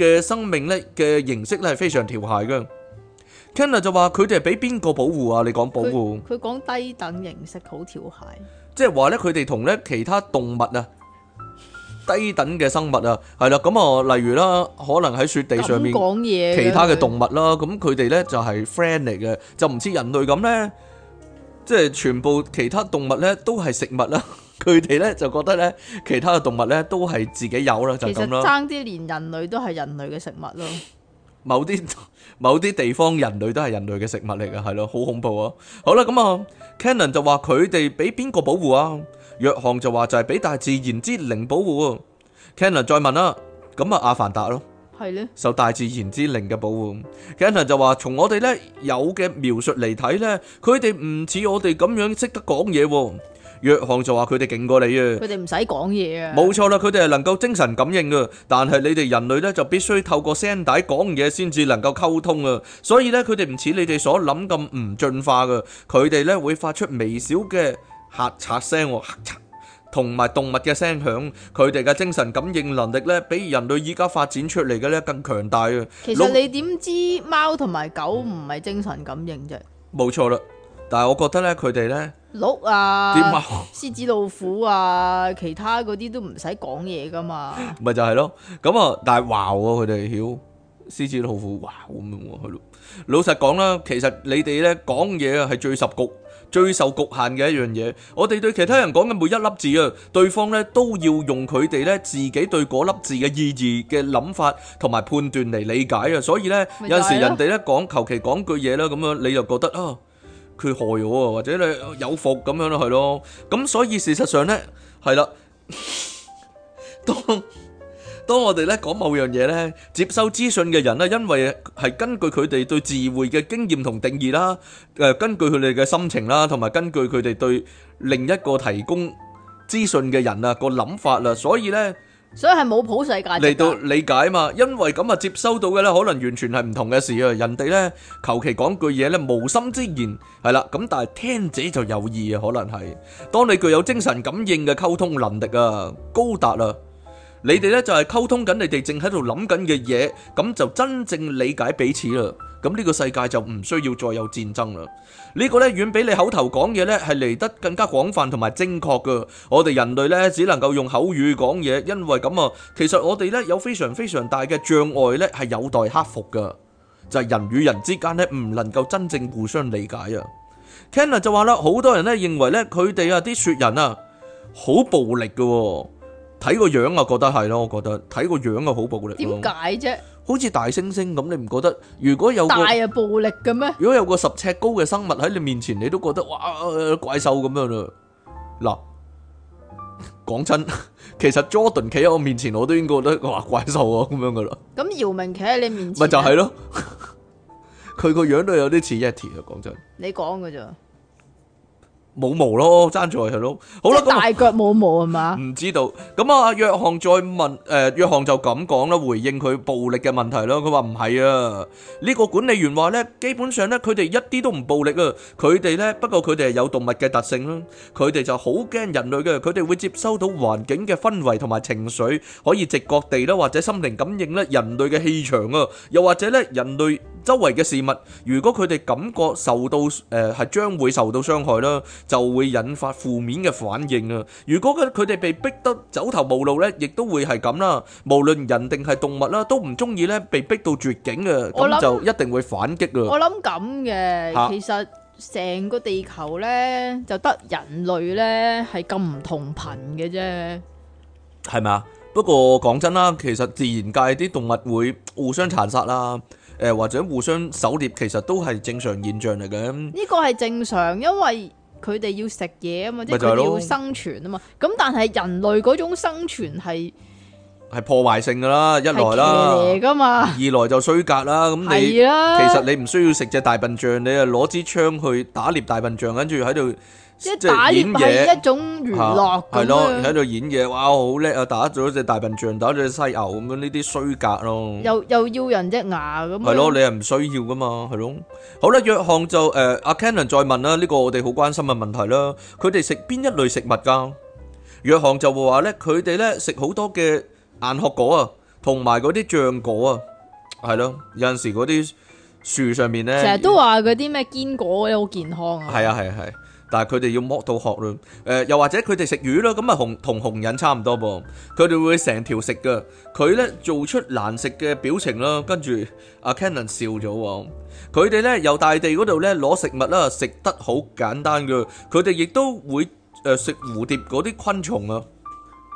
嘅生命咧嘅形式咧係非常調諧嘅，Kenna 就話佢哋係俾邊個保護啊？你講保護，佢講低等形式好調諧，即係話咧佢哋同咧其他動物啊，低等嘅生物啊，係啦，咁啊，例如啦，可能喺雪地上面，講嘢啊，其他嘅動物啦，咁佢哋咧就係 friend 嚟嘅，就唔似人類咁咧，即係全部其他動物咧都係食物啦。佢哋咧就覺得咧，其他嘅動物咧都係自己有啦，就咁咯。其實爭啲連人類都係人類嘅食物咯。某啲某啲地方人類都係人類嘅食物嚟嘅，係咯，好恐怖啊！好啦，咁啊，Cannon 就話佢哋俾邊個保護啊？約翰就話就係俾大自然之靈保護。Cannon 再問啦，咁啊阿凡達咯，係咧，受大自然之靈嘅保護。Cannon 就話從我哋咧有嘅描述嚟睇咧，佢哋唔似我哋咁樣識得講嘢喎。約翰就話佢哋勁過你啊！佢哋唔使講嘢啊！冇錯啦，佢哋係能夠精神感應噶，但係你哋人類呢，就必須透過聲帶講嘢先至能夠溝通啊！所以呢，佢哋唔似你哋所諗咁唔進化噶，佢哋呢會發出微小嘅咔嚓聲，咔嚓，同埋動物嘅聲響。佢哋嘅精神感應能力呢，比人類依家發展出嚟嘅呢更強大啊！其實你點知貓同埋狗唔係精神感應啫？冇錯啦。嗯嗯嗯但係我覺得咧，佢哋咧，鹿啊，點、獅子、老虎啊，其他嗰啲都唔使講嘢噶嘛，咪就係咯。咁啊，但係話喎，佢哋曉獅子老虎話咁樣喎，係咯。老實講啦，其實你哋咧講嘢啊，係最十局最受局限嘅一樣嘢。我哋對其他人講嘅每一粒字啊，對方咧都要用佢哋咧自己對嗰粒字嘅意義嘅諗法同埋判斷嚟理解啊。所以咧，有陣時人哋咧講求其講句嘢啦，咁樣你就覺得啊。佢害我啊，或者你有福咁樣咯，係咯。咁所以事實上咧，係啦。當當我哋咧講某樣嘢咧，接收資訊嘅人咧，因為係根據佢哋對智慧嘅經驗同定義啦，誒，根據佢哋嘅心情啦，同埋根據佢哋對另一個提供資訊嘅人啊個諗法啦，所以咧。所以係冇普世界嚟到理解啊嘛，因為咁啊，接收到嘅咧可能完全係唔同嘅事啊，人哋咧求其講句嘢咧，無心之言係啦，咁但係聽者就有意啊，可能係當你具有精神感應嘅溝通能力啊，高達啊，你哋咧就係溝通緊，你哋正喺度諗緊嘅嘢，咁就真正理解彼此啦。咁呢個世界就唔需要再有戰爭啦！呢、呢個呢，遠比你口頭講嘢呢係嚟得更加廣泛同埋精確噶。我哋人類呢，只能夠用口語講嘢，因為咁啊，其實我哋呢，有非常非常大嘅障礙呢係有待克服噶，就係、是、人與人之間呢，唔能夠真正互相理解啊。Kenner 就話啦，好多人呢，認為呢，佢哋啊啲雪人啊好暴力嘅，睇個樣啊覺得係咯，我覺得睇個樣啊好暴力。點解啫？好似大猩猩咁，你唔覺得如果有個大啊暴力嘅咩？如果有個十尺高嘅生物喺你面前，你都覺得哇，怪獸咁樣啦。嗱，講真，其實 Jordan 企喺我面前，我都覺得哇，怪獸啊咁樣噶啦。咁姚明企喺你面前，咪就係咯，佢個樣都有啲似 Yeti 啊，講真。你講噶咋？冇毛咯，爭住係咯，好啦咁大腳冇毛係嘛？唔知道咁啊！約翰再問誒，約翰就咁講啦，回應佢暴力嘅問題咯。佢話唔係啊，呢個管理員話咧，基本上咧，佢哋一啲都唔暴力啊。佢哋咧，不過佢哋係有動物嘅特性啦。佢哋就好驚人類嘅，佢哋會接收到環境嘅氛圍同埋情緒，可以直覺地啦，或者心靈感應咧，人類嘅氣場啊，又或者咧，人類周圍嘅事物，如果佢哋感覺受到誒係將會受到傷害啦。就會引發負面嘅反應啊！如果嘅佢哋被逼得走投無路呢，亦都會係咁啦。無論人定係動物啦，都唔中意呢被逼到絕境啊！咁就一定會反擊啊！我諗咁嘅，其實成個地球呢，就得人類呢係咁唔同頻嘅啫。係咪啊？不過講真啦，其實自然界啲動物會互相殘殺啦，誒或者互相狩獵，其實都係正常現象嚟嘅。呢個係正常，因為。佢哋要食嘢啊嘛，即係佢哋要生存啊嘛。咁但係人類嗰種生存係係破壞性噶啦，一來啦，嘛二來就衰格啦。咁你、啊、其實你唔需要食隻大笨象，你啊攞支槍去打獵大笨象，跟住喺度。一打完係一種娛樂係咯，喺度演嘢，哇，好叻啊！打咗隻大笨象，打咗隻犀牛咁樣，呢啲衰格咯。又又要人隻牙咁啊！係咯，你係唔需要噶嘛？係咯。好啦，約翰就誒阿 Canon 再問啦，呢個我哋好關心嘅問題啦。佢哋食邊一類食物㗎？約翰就會話咧，佢哋咧食好多嘅硬殼果啊，同埋嗰啲漿果啊，係咯。有陣時嗰啲樹上面咧，成日都話嗰啲咩堅果好健康啊。係啊，係啊，係。但係佢哋要剝到殼咯，誒、呃、又或者佢哋食魚咯，咁啊紅同紅人差唔多噃，佢哋會成條食噶。佢咧做出難食嘅表情啦，跟住阿、啊、Canon 笑咗喎。佢哋咧由大地嗰度咧攞食物啦，食得好簡單噶。佢哋亦都會誒食、呃、蝴蝶嗰啲昆蟲啊，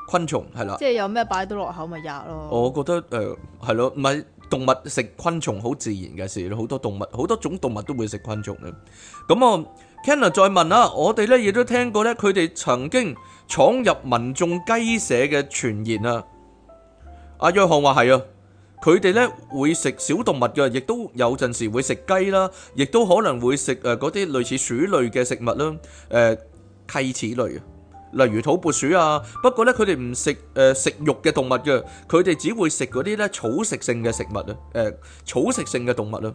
昆蟲係啦。即係有咩擺到落口咪吔咯。我覺得誒係咯，唔、呃、係動物食昆蟲好自然嘅事，好多動物好多種動物都會食昆蟲嘅。咁我。Kenner 再問啊，我哋咧亦都聽過咧，佢哋曾經闖入民眾雞舍嘅傳言啊。阿約翰話係啊，佢哋咧會食小動物嘅，亦都有陣時會食雞啦，亦都可能會食誒嗰啲類似鼠類嘅食物啦，誒齧齒類啊，例如土撥鼠啊。不過咧，佢哋唔食誒食肉嘅動物嘅，佢哋只會食嗰啲咧草食性嘅食物啊，誒草食性嘅動物啊。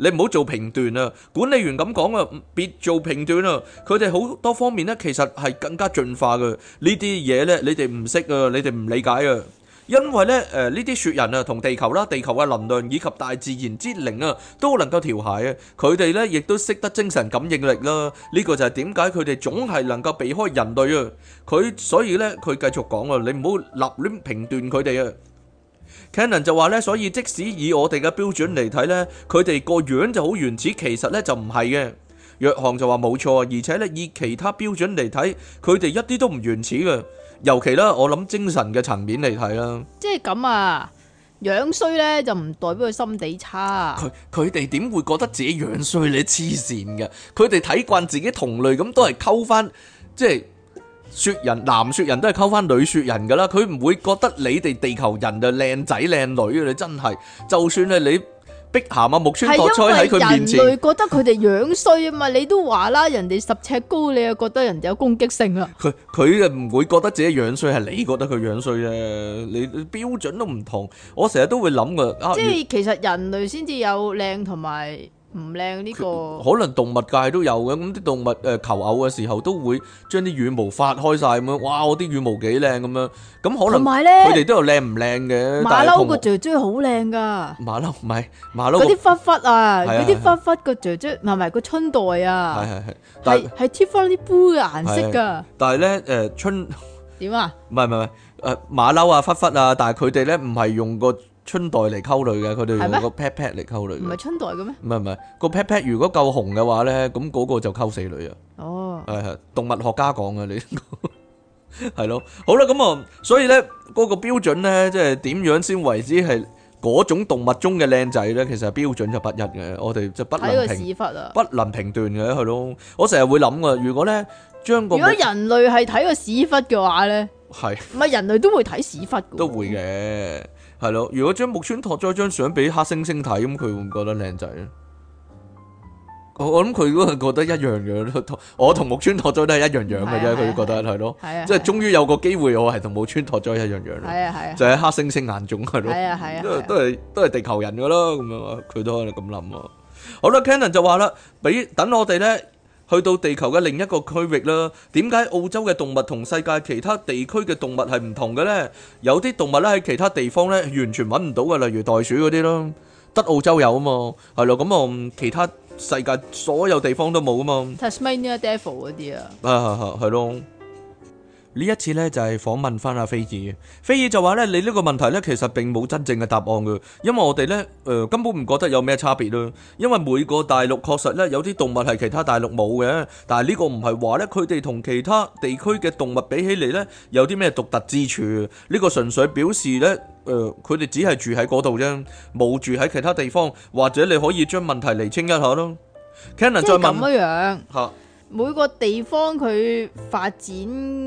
你唔好做評斷啊！管理員咁講啊，別做評斷啊！佢哋好多方面咧，其實係更加進化嘅呢啲嘢咧，你哋唔識啊，你哋唔理解啊！因為咧，誒呢啲雪人啊，同地球啦、啊、地球嘅能量以及大自然之靈啊，都能夠調諧嘅、啊。佢哋咧亦都識得精神感應力啦、啊。呢、呢個就係點解佢哋總係能夠避開人類啊！佢所以咧，佢繼續講啊，你唔好立亂評斷佢哋啊！Canon 就話咧，所以即使以我哋嘅標準嚟睇咧，佢哋個樣就好原始，其實咧就唔係嘅。約翰就話冇錯，而且咧以其他標準嚟睇，佢哋一啲都唔原始嘅，尤其啦，我諗精神嘅層面嚟睇啦。即係咁啊，樣衰咧就唔代表佢心地差啊。佢佢哋點會覺得自己樣衰？你黐線嘅！佢哋睇慣自己同類咁，都係溝翻即係。雪人男雪人都係溝翻女雪人噶啦，佢唔會覺得你哋地球人就靚仔靚女啊！你真係，就算係你碧咸啊、木村拓哉喺佢面前，係因為人類覺得佢哋樣衰啊嘛！ 你都話啦，人哋十尺高，你又覺得人哋有攻擊性啊？佢佢又唔會覺得自己樣衰，係你覺得佢樣衰啫？你標準都唔同，我成日都會諗噶。啊、即係其實人類先至有靚同埋。唔靚呢個，可能動物界都有嘅，咁啲動物誒、呃、求偶嘅時候都會將啲羽毛發開晒咁樣，哇！我啲羽毛幾靚咁樣，咁可能，唔係咧，佢哋都有靚唔靚嘅。馬騮個雀雀好靚噶，馬騮唔係馬騮，嗰啲忽忽啊，嗰啲忽忽個雀雀唔係咪係個春袋 啊，係係係，係係貼翻啲杯嘅顏色噶。但係咧，誒春點啊？唔係唔係唔係，誒馬騮啊忽忽啊，但係佢哋咧唔係用個春袋嚟溝女嘅，佢哋用個 pat pat 嚟溝女，唔係春袋嘅咩？唔係唔係個 pat pat，如果夠紅嘅話咧，咁嗰個就溝死女啊！哦，係係動物學家講嘅，你係咯。好啦，咁啊，所以咧嗰個標準咧，即係點樣先為之係嗰種動物中嘅靚仔咧？其實標準就不一嘅，我哋即係不能評不能評斷嘅，係咯。我成日會諗嘅，如果咧將個如果人類係睇個屎忽嘅話咧，係唔係人類都會睇屎忽嘅？都會嘅。係咯，如果將木村拓哉張相俾黑猩猩睇，咁佢會唔覺得靚仔咧？我我諗佢都係覺得一樣樣咯。同我同木村拓哉都係一樣樣嘅啫，佢覺得係咯。即係終於有個機會，我係同木村拓哉一樣樣咯。係啊係，就喺黑猩猩眼中係咯，都係都係地球人噶咯，咁樣佢都係咁諗。好啦，Cannon 就話啦，俾等我哋咧。去到地球嘅另一個區域啦，點解澳洲嘅動物同世界其他地區嘅動物係唔同嘅呢？有啲動物咧，喺其他地方咧，完全揾唔到嘅，例如袋鼠嗰啲咯，得澳洲有啊嘛，係咯，咁啊其他世界所有地方都冇啊嘛。Tasmania devil 嗰啲啊，係咯。呢一次咧就係訪問翻阿菲爾，菲爾就話咧：你呢個問題咧其實並冇真正嘅答案㗎，因為我哋咧誒根本唔覺得有咩差別咯。因為每個大陸確實咧有啲動物係其他大陸冇嘅，但係呢個唔係話咧佢哋同其他地區嘅動物比起嚟咧有啲咩獨特之處。呢、呢個純粹表示咧誒佢哋只係住喺嗰度啫，冇住喺其他地方。或者你可以將問題釐清一下咯。Canon 再問一樣嚇。每個地方佢發展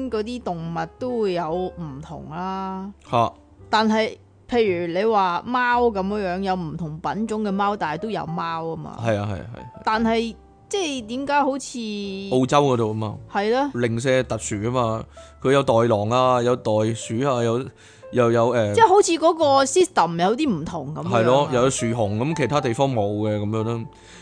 嗰啲動物都會有唔同啦、啊。嚇、啊！但係譬如你話貓咁樣樣有唔同品種嘅貓，但係都有貓啊嘛。係啊係啊係。啊啊但係即係點解好似澳洲嗰度啊嘛？係啦、啊。零舍特殊啊嘛，佢有袋狼啊，有袋鼠啊，有又有誒。即係好似嗰個 system 有啲唔同咁。係咯，又有樹熊咁，其他地方冇嘅咁樣咯。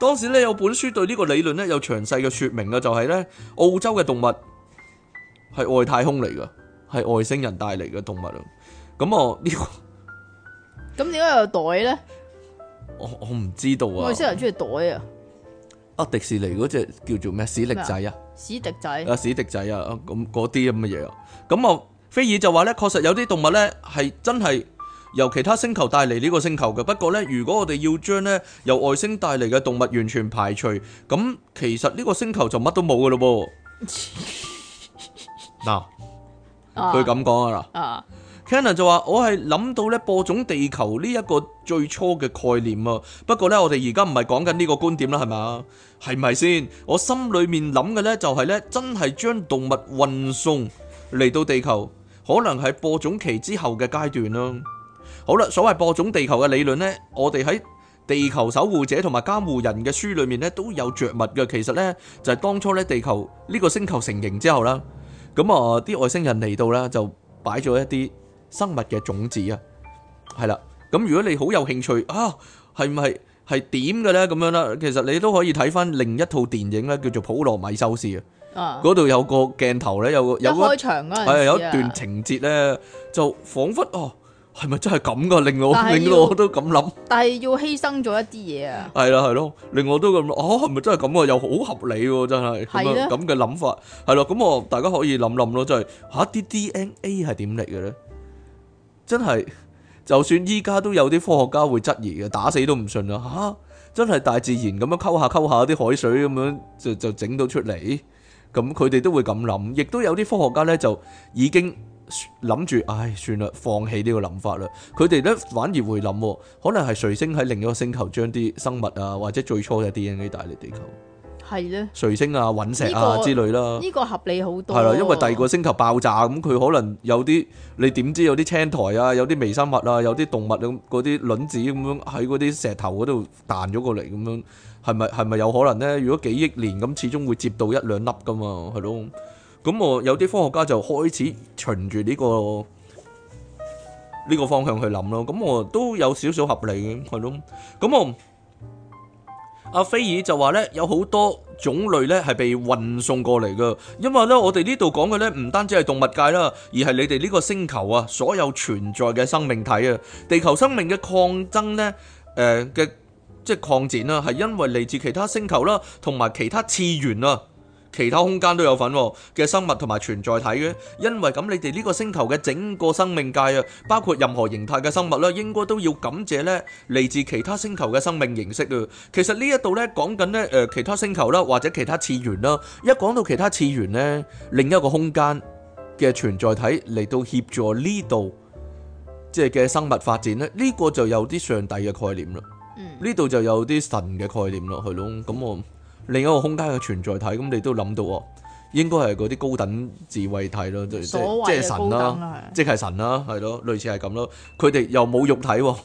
當時咧有本書對呢個理論咧有詳細嘅說明嘅，就係咧澳洲嘅動物係外太空嚟噶，係外星人帶嚟嘅動物咯。咁啊呢個咁點解有袋咧？我我唔知道啊。外星人中意袋啊！啊迪士尼嗰隻叫做咩史粒仔，史迪仔啊？史迪仔啊！史迪仔啊！咁嗰啲咁嘅嘢啊！咁啊菲爾就話咧，確實有啲動物咧係真係。由其他星球帶嚟呢個星球嘅，不過呢，如果我哋要將呢由外星帶嚟嘅動物完全排除，咁其實呢個星球就乜都冇嘅咯噃。嗱，佢咁講啊。Cannon 就話我係諗到呢播種地球呢一個最初嘅概念啊。不過呢，我哋而家唔係講緊呢個觀點啦，係咪？係咪先？我心裏面諗嘅呢，就係呢真係將動物運送嚟到地球，可能係播種期之後嘅階段啦。好啦，所謂播種地球嘅理論呢，我哋喺《地球守護者》同埋《監護人》嘅書裏面呢都有着墨嘅。其實呢就係當初呢，地球呢個星球成形之後啦，咁啊啲外星人嚟到呢就擺咗一啲生物嘅種子啊，係啦。咁如果你好有興趣啊，係唔係係點嘅呢？咁樣啦，其實你都可以睇翻另一套電影呢，叫做《普羅米修斯》啊。嗰度有個鏡頭呢，有個有一開場嗰陣時，係有一段情節呢，就仿佛哦。係咪真係咁噶？令我令我都咁諗，但係要犧牲咗一啲嘢啊！係啦係咯，令我都咁諗，啊係咪真係咁啊？又好合理喎，真係咁嘅諗法，係咯。咁我大家可以諗諗咯，即係吓啲 DNA 係點嚟嘅咧？真係，就算依家都有啲科學家會質疑嘅，打死都唔信啊！吓，真係大自然咁樣溝下溝下啲海水咁樣就就整到出嚟，咁佢哋都會咁諗，亦都有啲科學家咧就已經。諗住，唉，算啦，放棄呢個諗法啦。佢哋咧反而會諗，哦，可能係彗星喺另一個星球將啲生物啊，或者最初嘅 DNA 帶嚟地球，係咧的，彗星啊、隕石啊之類啦、啊。呢、這個這個合理好多。係啦，因為第二個星球爆炸咁，佢可能有啲，你點知有啲青苔啊，有啲微生物啊，有啲動物咁，嗰啲卵子咁樣喺嗰啲石頭嗰度彈咗過嚟咁樣，係咪係咪有可能呢？如果幾億年咁，始終會接到一兩粒噶嘛，係咯。咁我有啲科學家就開始循住呢、這個呢、這個方向去諗咯，咁我都有少少合理嘅係咯。咁我阿菲爾就話咧，有好多種類咧係被運送過嚟㗎，因為咧我哋呢度講嘅咧唔單止係動物界啦，而係你哋呢個星球啊所有存在嘅生命體啊，地球生命嘅擴增咧，誒、呃、嘅即係擴展啦，係因為嚟自其他星球啦、啊，同埋其他次元啊。其他空間都有份嘅、哦、生物同埋存在體嘅，因為咁你哋呢個星球嘅整個生命界啊，包括任何形態嘅生物咧，應該都要感謝呢嚟自其他星球嘅生命形式啊。其實呢一度呢，講緊呢，誒、呃、其他星球啦，或者其他次元啦。一講到其他次元呢，另一個空間嘅存在體嚟到協助呢度，即係嘅生物發展呢，呢、這個就有啲上帝嘅概念啦。呢度就有啲神嘅概念落去咯。係咯。咁我。另一個空間嘅存在體，咁你都諗到喎，應該係嗰啲高等智慧體咯，即係神啦，的即係神啦，係咯，類似係咁咯。佢哋又冇肉體喎，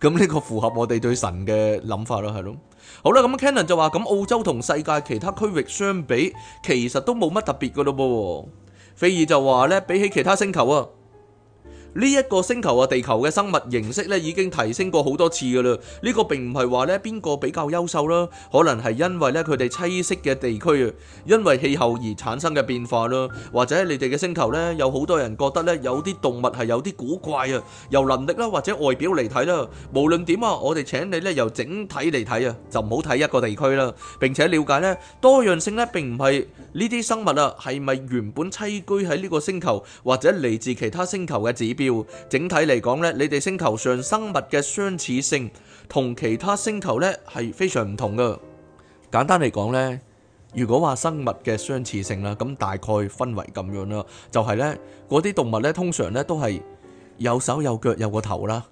咁呢個符合我哋對神嘅諗法咯，係咯。好啦，咁 Cannon 就話咁澳洲同世界其他區域相比，其實都冇乜特別噶咯噃。菲爾就話咧，比起其他星球啊。呢一個星球啊，地球嘅生物形式咧已經提升過好多次噶啦。呢個並唔係話咧邊個比較優秀啦，可能係因為咧佢哋棲息嘅地區啊，因為氣候而產生嘅變化啦，或者你哋嘅星球咧有好多人覺得咧有啲動物係有啲古怪啊，由能力啦或者外表嚟睇啦，無論點啊，我哋請你咧由整體嚟睇啊，就唔好睇一個地區啦。並且瞭解咧多樣性咧並唔係呢啲生物啊係咪原本棲居喺呢個星球或者嚟自其他星球嘅指標。要整體嚟講呢，你哋星球上生物嘅相似性同其他星球呢係非常唔同噶。簡單嚟講呢，如果話生物嘅相似性啦，咁大概分為咁樣啦，就係呢嗰啲動物呢，通常呢都係有手有腳有個頭啦，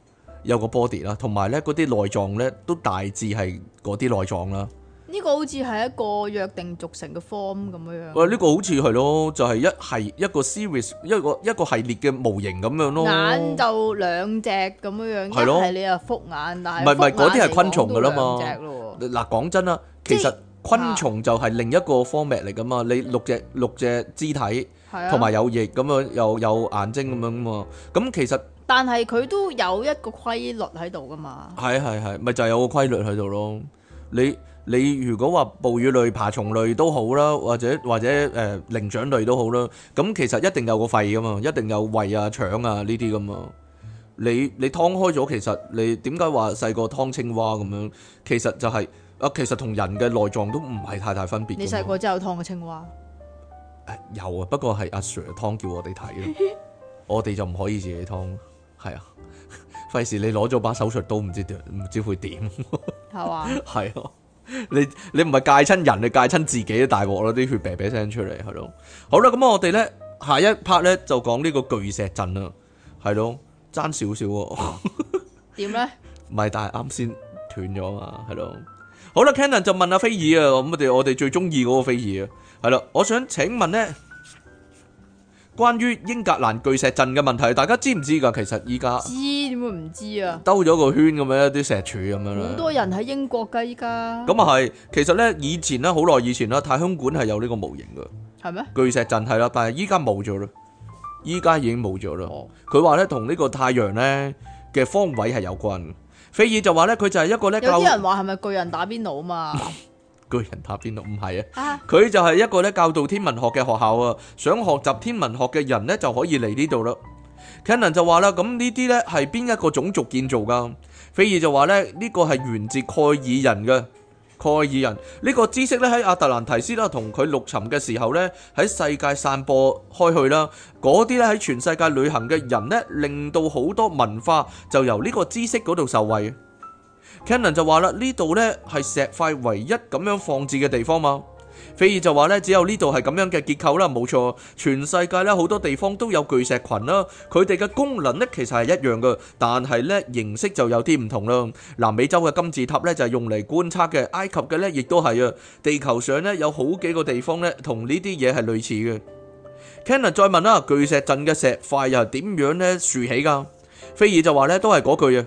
有個 body 啦，同埋呢嗰啲內臟呢，都大致係嗰啲內臟啦。呢個好似係一個約定俗成嘅 form 咁樣樣。喂，呢個好似係咯，就係一係一個 series 一個一個系列嘅模型咁樣咯。眼就兩隻咁樣樣，係咯，但係你又複眼，但係唔係唔係嗰啲係昆蟲噶啦嘛？嗱，講真啦，其實昆蟲就係另一個 format 嚟噶嘛。你六隻六隻肢體，同埋有翼咁樣，又有眼睛咁樣噶嘛。咁其實但係佢都有一個規律喺度噶嘛。係係係，咪就係有個規律喺度咯，你。你如果話哺乳類、爬蟲類都好啦，或者或者誒呃靈長類都好啦，咁其實一定有個肺噶嘛，一定有胃啊、腸啊呢啲噶嘛。你你劏開咗，其實你點解話細個劏青蛙咁樣？其實就係啊，其實同人嘅內臟都唔係太大分別。你細個之後有劏嘅青蛙？呃，有啊，不過係阿 Sir 劏，叫我哋睇， 我哋就唔可以自己劏。係啊，費事你攞咗把手術刀唔知點，唔知會點。係嘛？係啊。 你你唔係戒親人，你戒親自己都大鑊啦！啲血啤啤聲出嚟係咯。好啦，咁我哋咧下一 part 咧就講呢個巨石陣點點啊，係咯爭少少喎。點咧？唔係，但係啱先斷咗啊，係咯。好啦，Cannon 就問阿菲爾啊，咁我哋我哋最中意嗰個菲爾啊，係啦，我想請問咧。關於英格蘭巨石陣嘅問題，大家知唔知噶？其實依家知點會唔知啊？兜咗個圈咁樣，啲石柱咁樣啦。好多人喺英國噶依家。咁啊係，其實咧以前咧好耐以前啦，太空館係有呢個模型噶。係咩嗎？巨石陣係啦，但係依家冇咗啦，依家已經冇咗啦。佢話咧同呢個太陽咧嘅方位係有關。菲爾就話咧佢就係一個咧有啲人話係咪巨人打邊爐嘛？ 巨人塔邊度唔係啊，佢、啊、就係一個咧教導天文學嘅學校啊，想學習天文學嘅人咧就可以嚟呢度咯。Cannon 就話咧，咁呢啲咧係邊一個種族建造噶？菲爾就話咧，呢、呢個係源自蓋爾人嘅蓋爾人呢、呢個知識咧喺阿特蘭提斯啦同佢陸沉嘅時候咧喺世界散播開去啦，嗰啲咧喺全世界旅行嘅人咧令到好多文化就由呢個知識嗰度受惠。Kenan 就話啦，呢度咧係石塊唯一咁樣放置嘅地方嘛。菲爾就話咧，只有呢度係咁樣嘅結構啦，冇錯。全世界咧好多地方都有巨石群啦，佢哋嘅功能咧其實係一樣嘅，但係咧形式就有啲唔同啦。南美洲嘅金字塔咧就係用嚟觀察嘅，埃及嘅咧亦都係啊。地球上咧有好幾個地方咧同呢啲嘢係類似嘅。Kenan 再問啦，巨石陣嘅石塊又係點樣咧豎起噶？菲爾就話咧都係嗰句啊。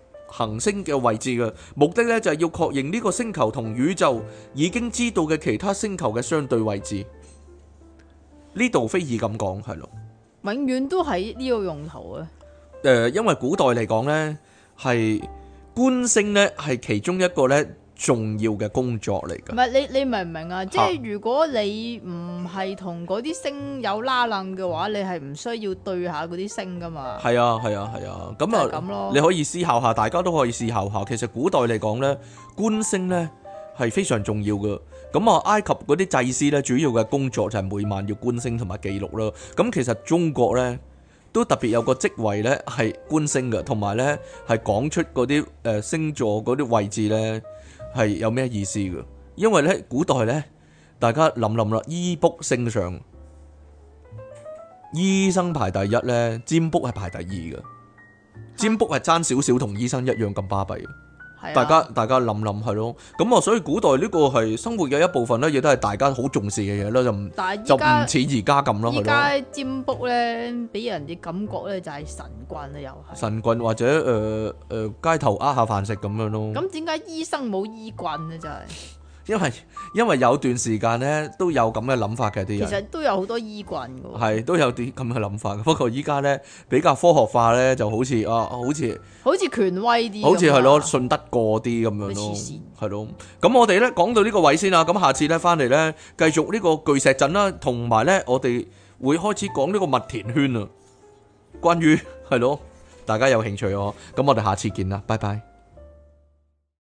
行星嘅位置嘅目的呢，就係要確認呢個星球同宇宙已經知道嘅其他星球嘅相對位置。呢度非爾咁講係咯，永遠都係呢個用途啊。誒、呃，因為古代嚟講呢，係觀星呢，係其中一個呢。重要嘅工作嚟嘅，唔係你你明唔明啊？即係如果你唔係同嗰啲星有拉楞嘅話，你係唔需要對下嗰啲星噶嘛？係啊係啊係啊，咁啊咁咯你可以思考下，大家都可以思考下。其實古代嚟講咧，觀星咧係非常重要嘅。咁啊，埃及嗰啲祭司咧，主要嘅工作就係每晚要觀星同埋記錄啦。咁其實中國咧都特別有個職位咧係觀星嘅，同埋咧係講出嗰啲誒星座嗰啲位置咧。係有咩意思噶？因為咧，古代咧，大家冧冧啦，醫卜升上，醫生排第一咧，占卜係排第二嘅，占卜係爭少少同醫生一樣咁巴閉。啊、大家大家諗諗係咯，咁、嗯、啊所以古代呢個係生活嘅一部分咧，亦都係大家好重視嘅嘢咧，就唔就唔似而家咁咯，而家占卜咧，俾人啲感覺咧就係神棍啊，又係神棍或者誒誒、呃呃、街頭呃下飯食咁樣咯。咁點解醫生冇醫棍咧？就係。因為因為有段時間咧都有咁嘅諗法嘅啲嘢，其實都有好多醫棍嘅，係都有啲咁嘅諗法嘅。不過依家咧，比較科學化咧，就好似、嗯、啊，好似好似權威啲，好似係咯，信得過啲咁樣咯，係咯。咁我哋咧講到呢個位先啦。咁下次咧翻嚟咧，繼續呢個巨石陣啦，同埋咧我哋會開始講呢個麥田圈啊。關於係咯，大家有興趣哦。咁我哋下次見啦，拜拜。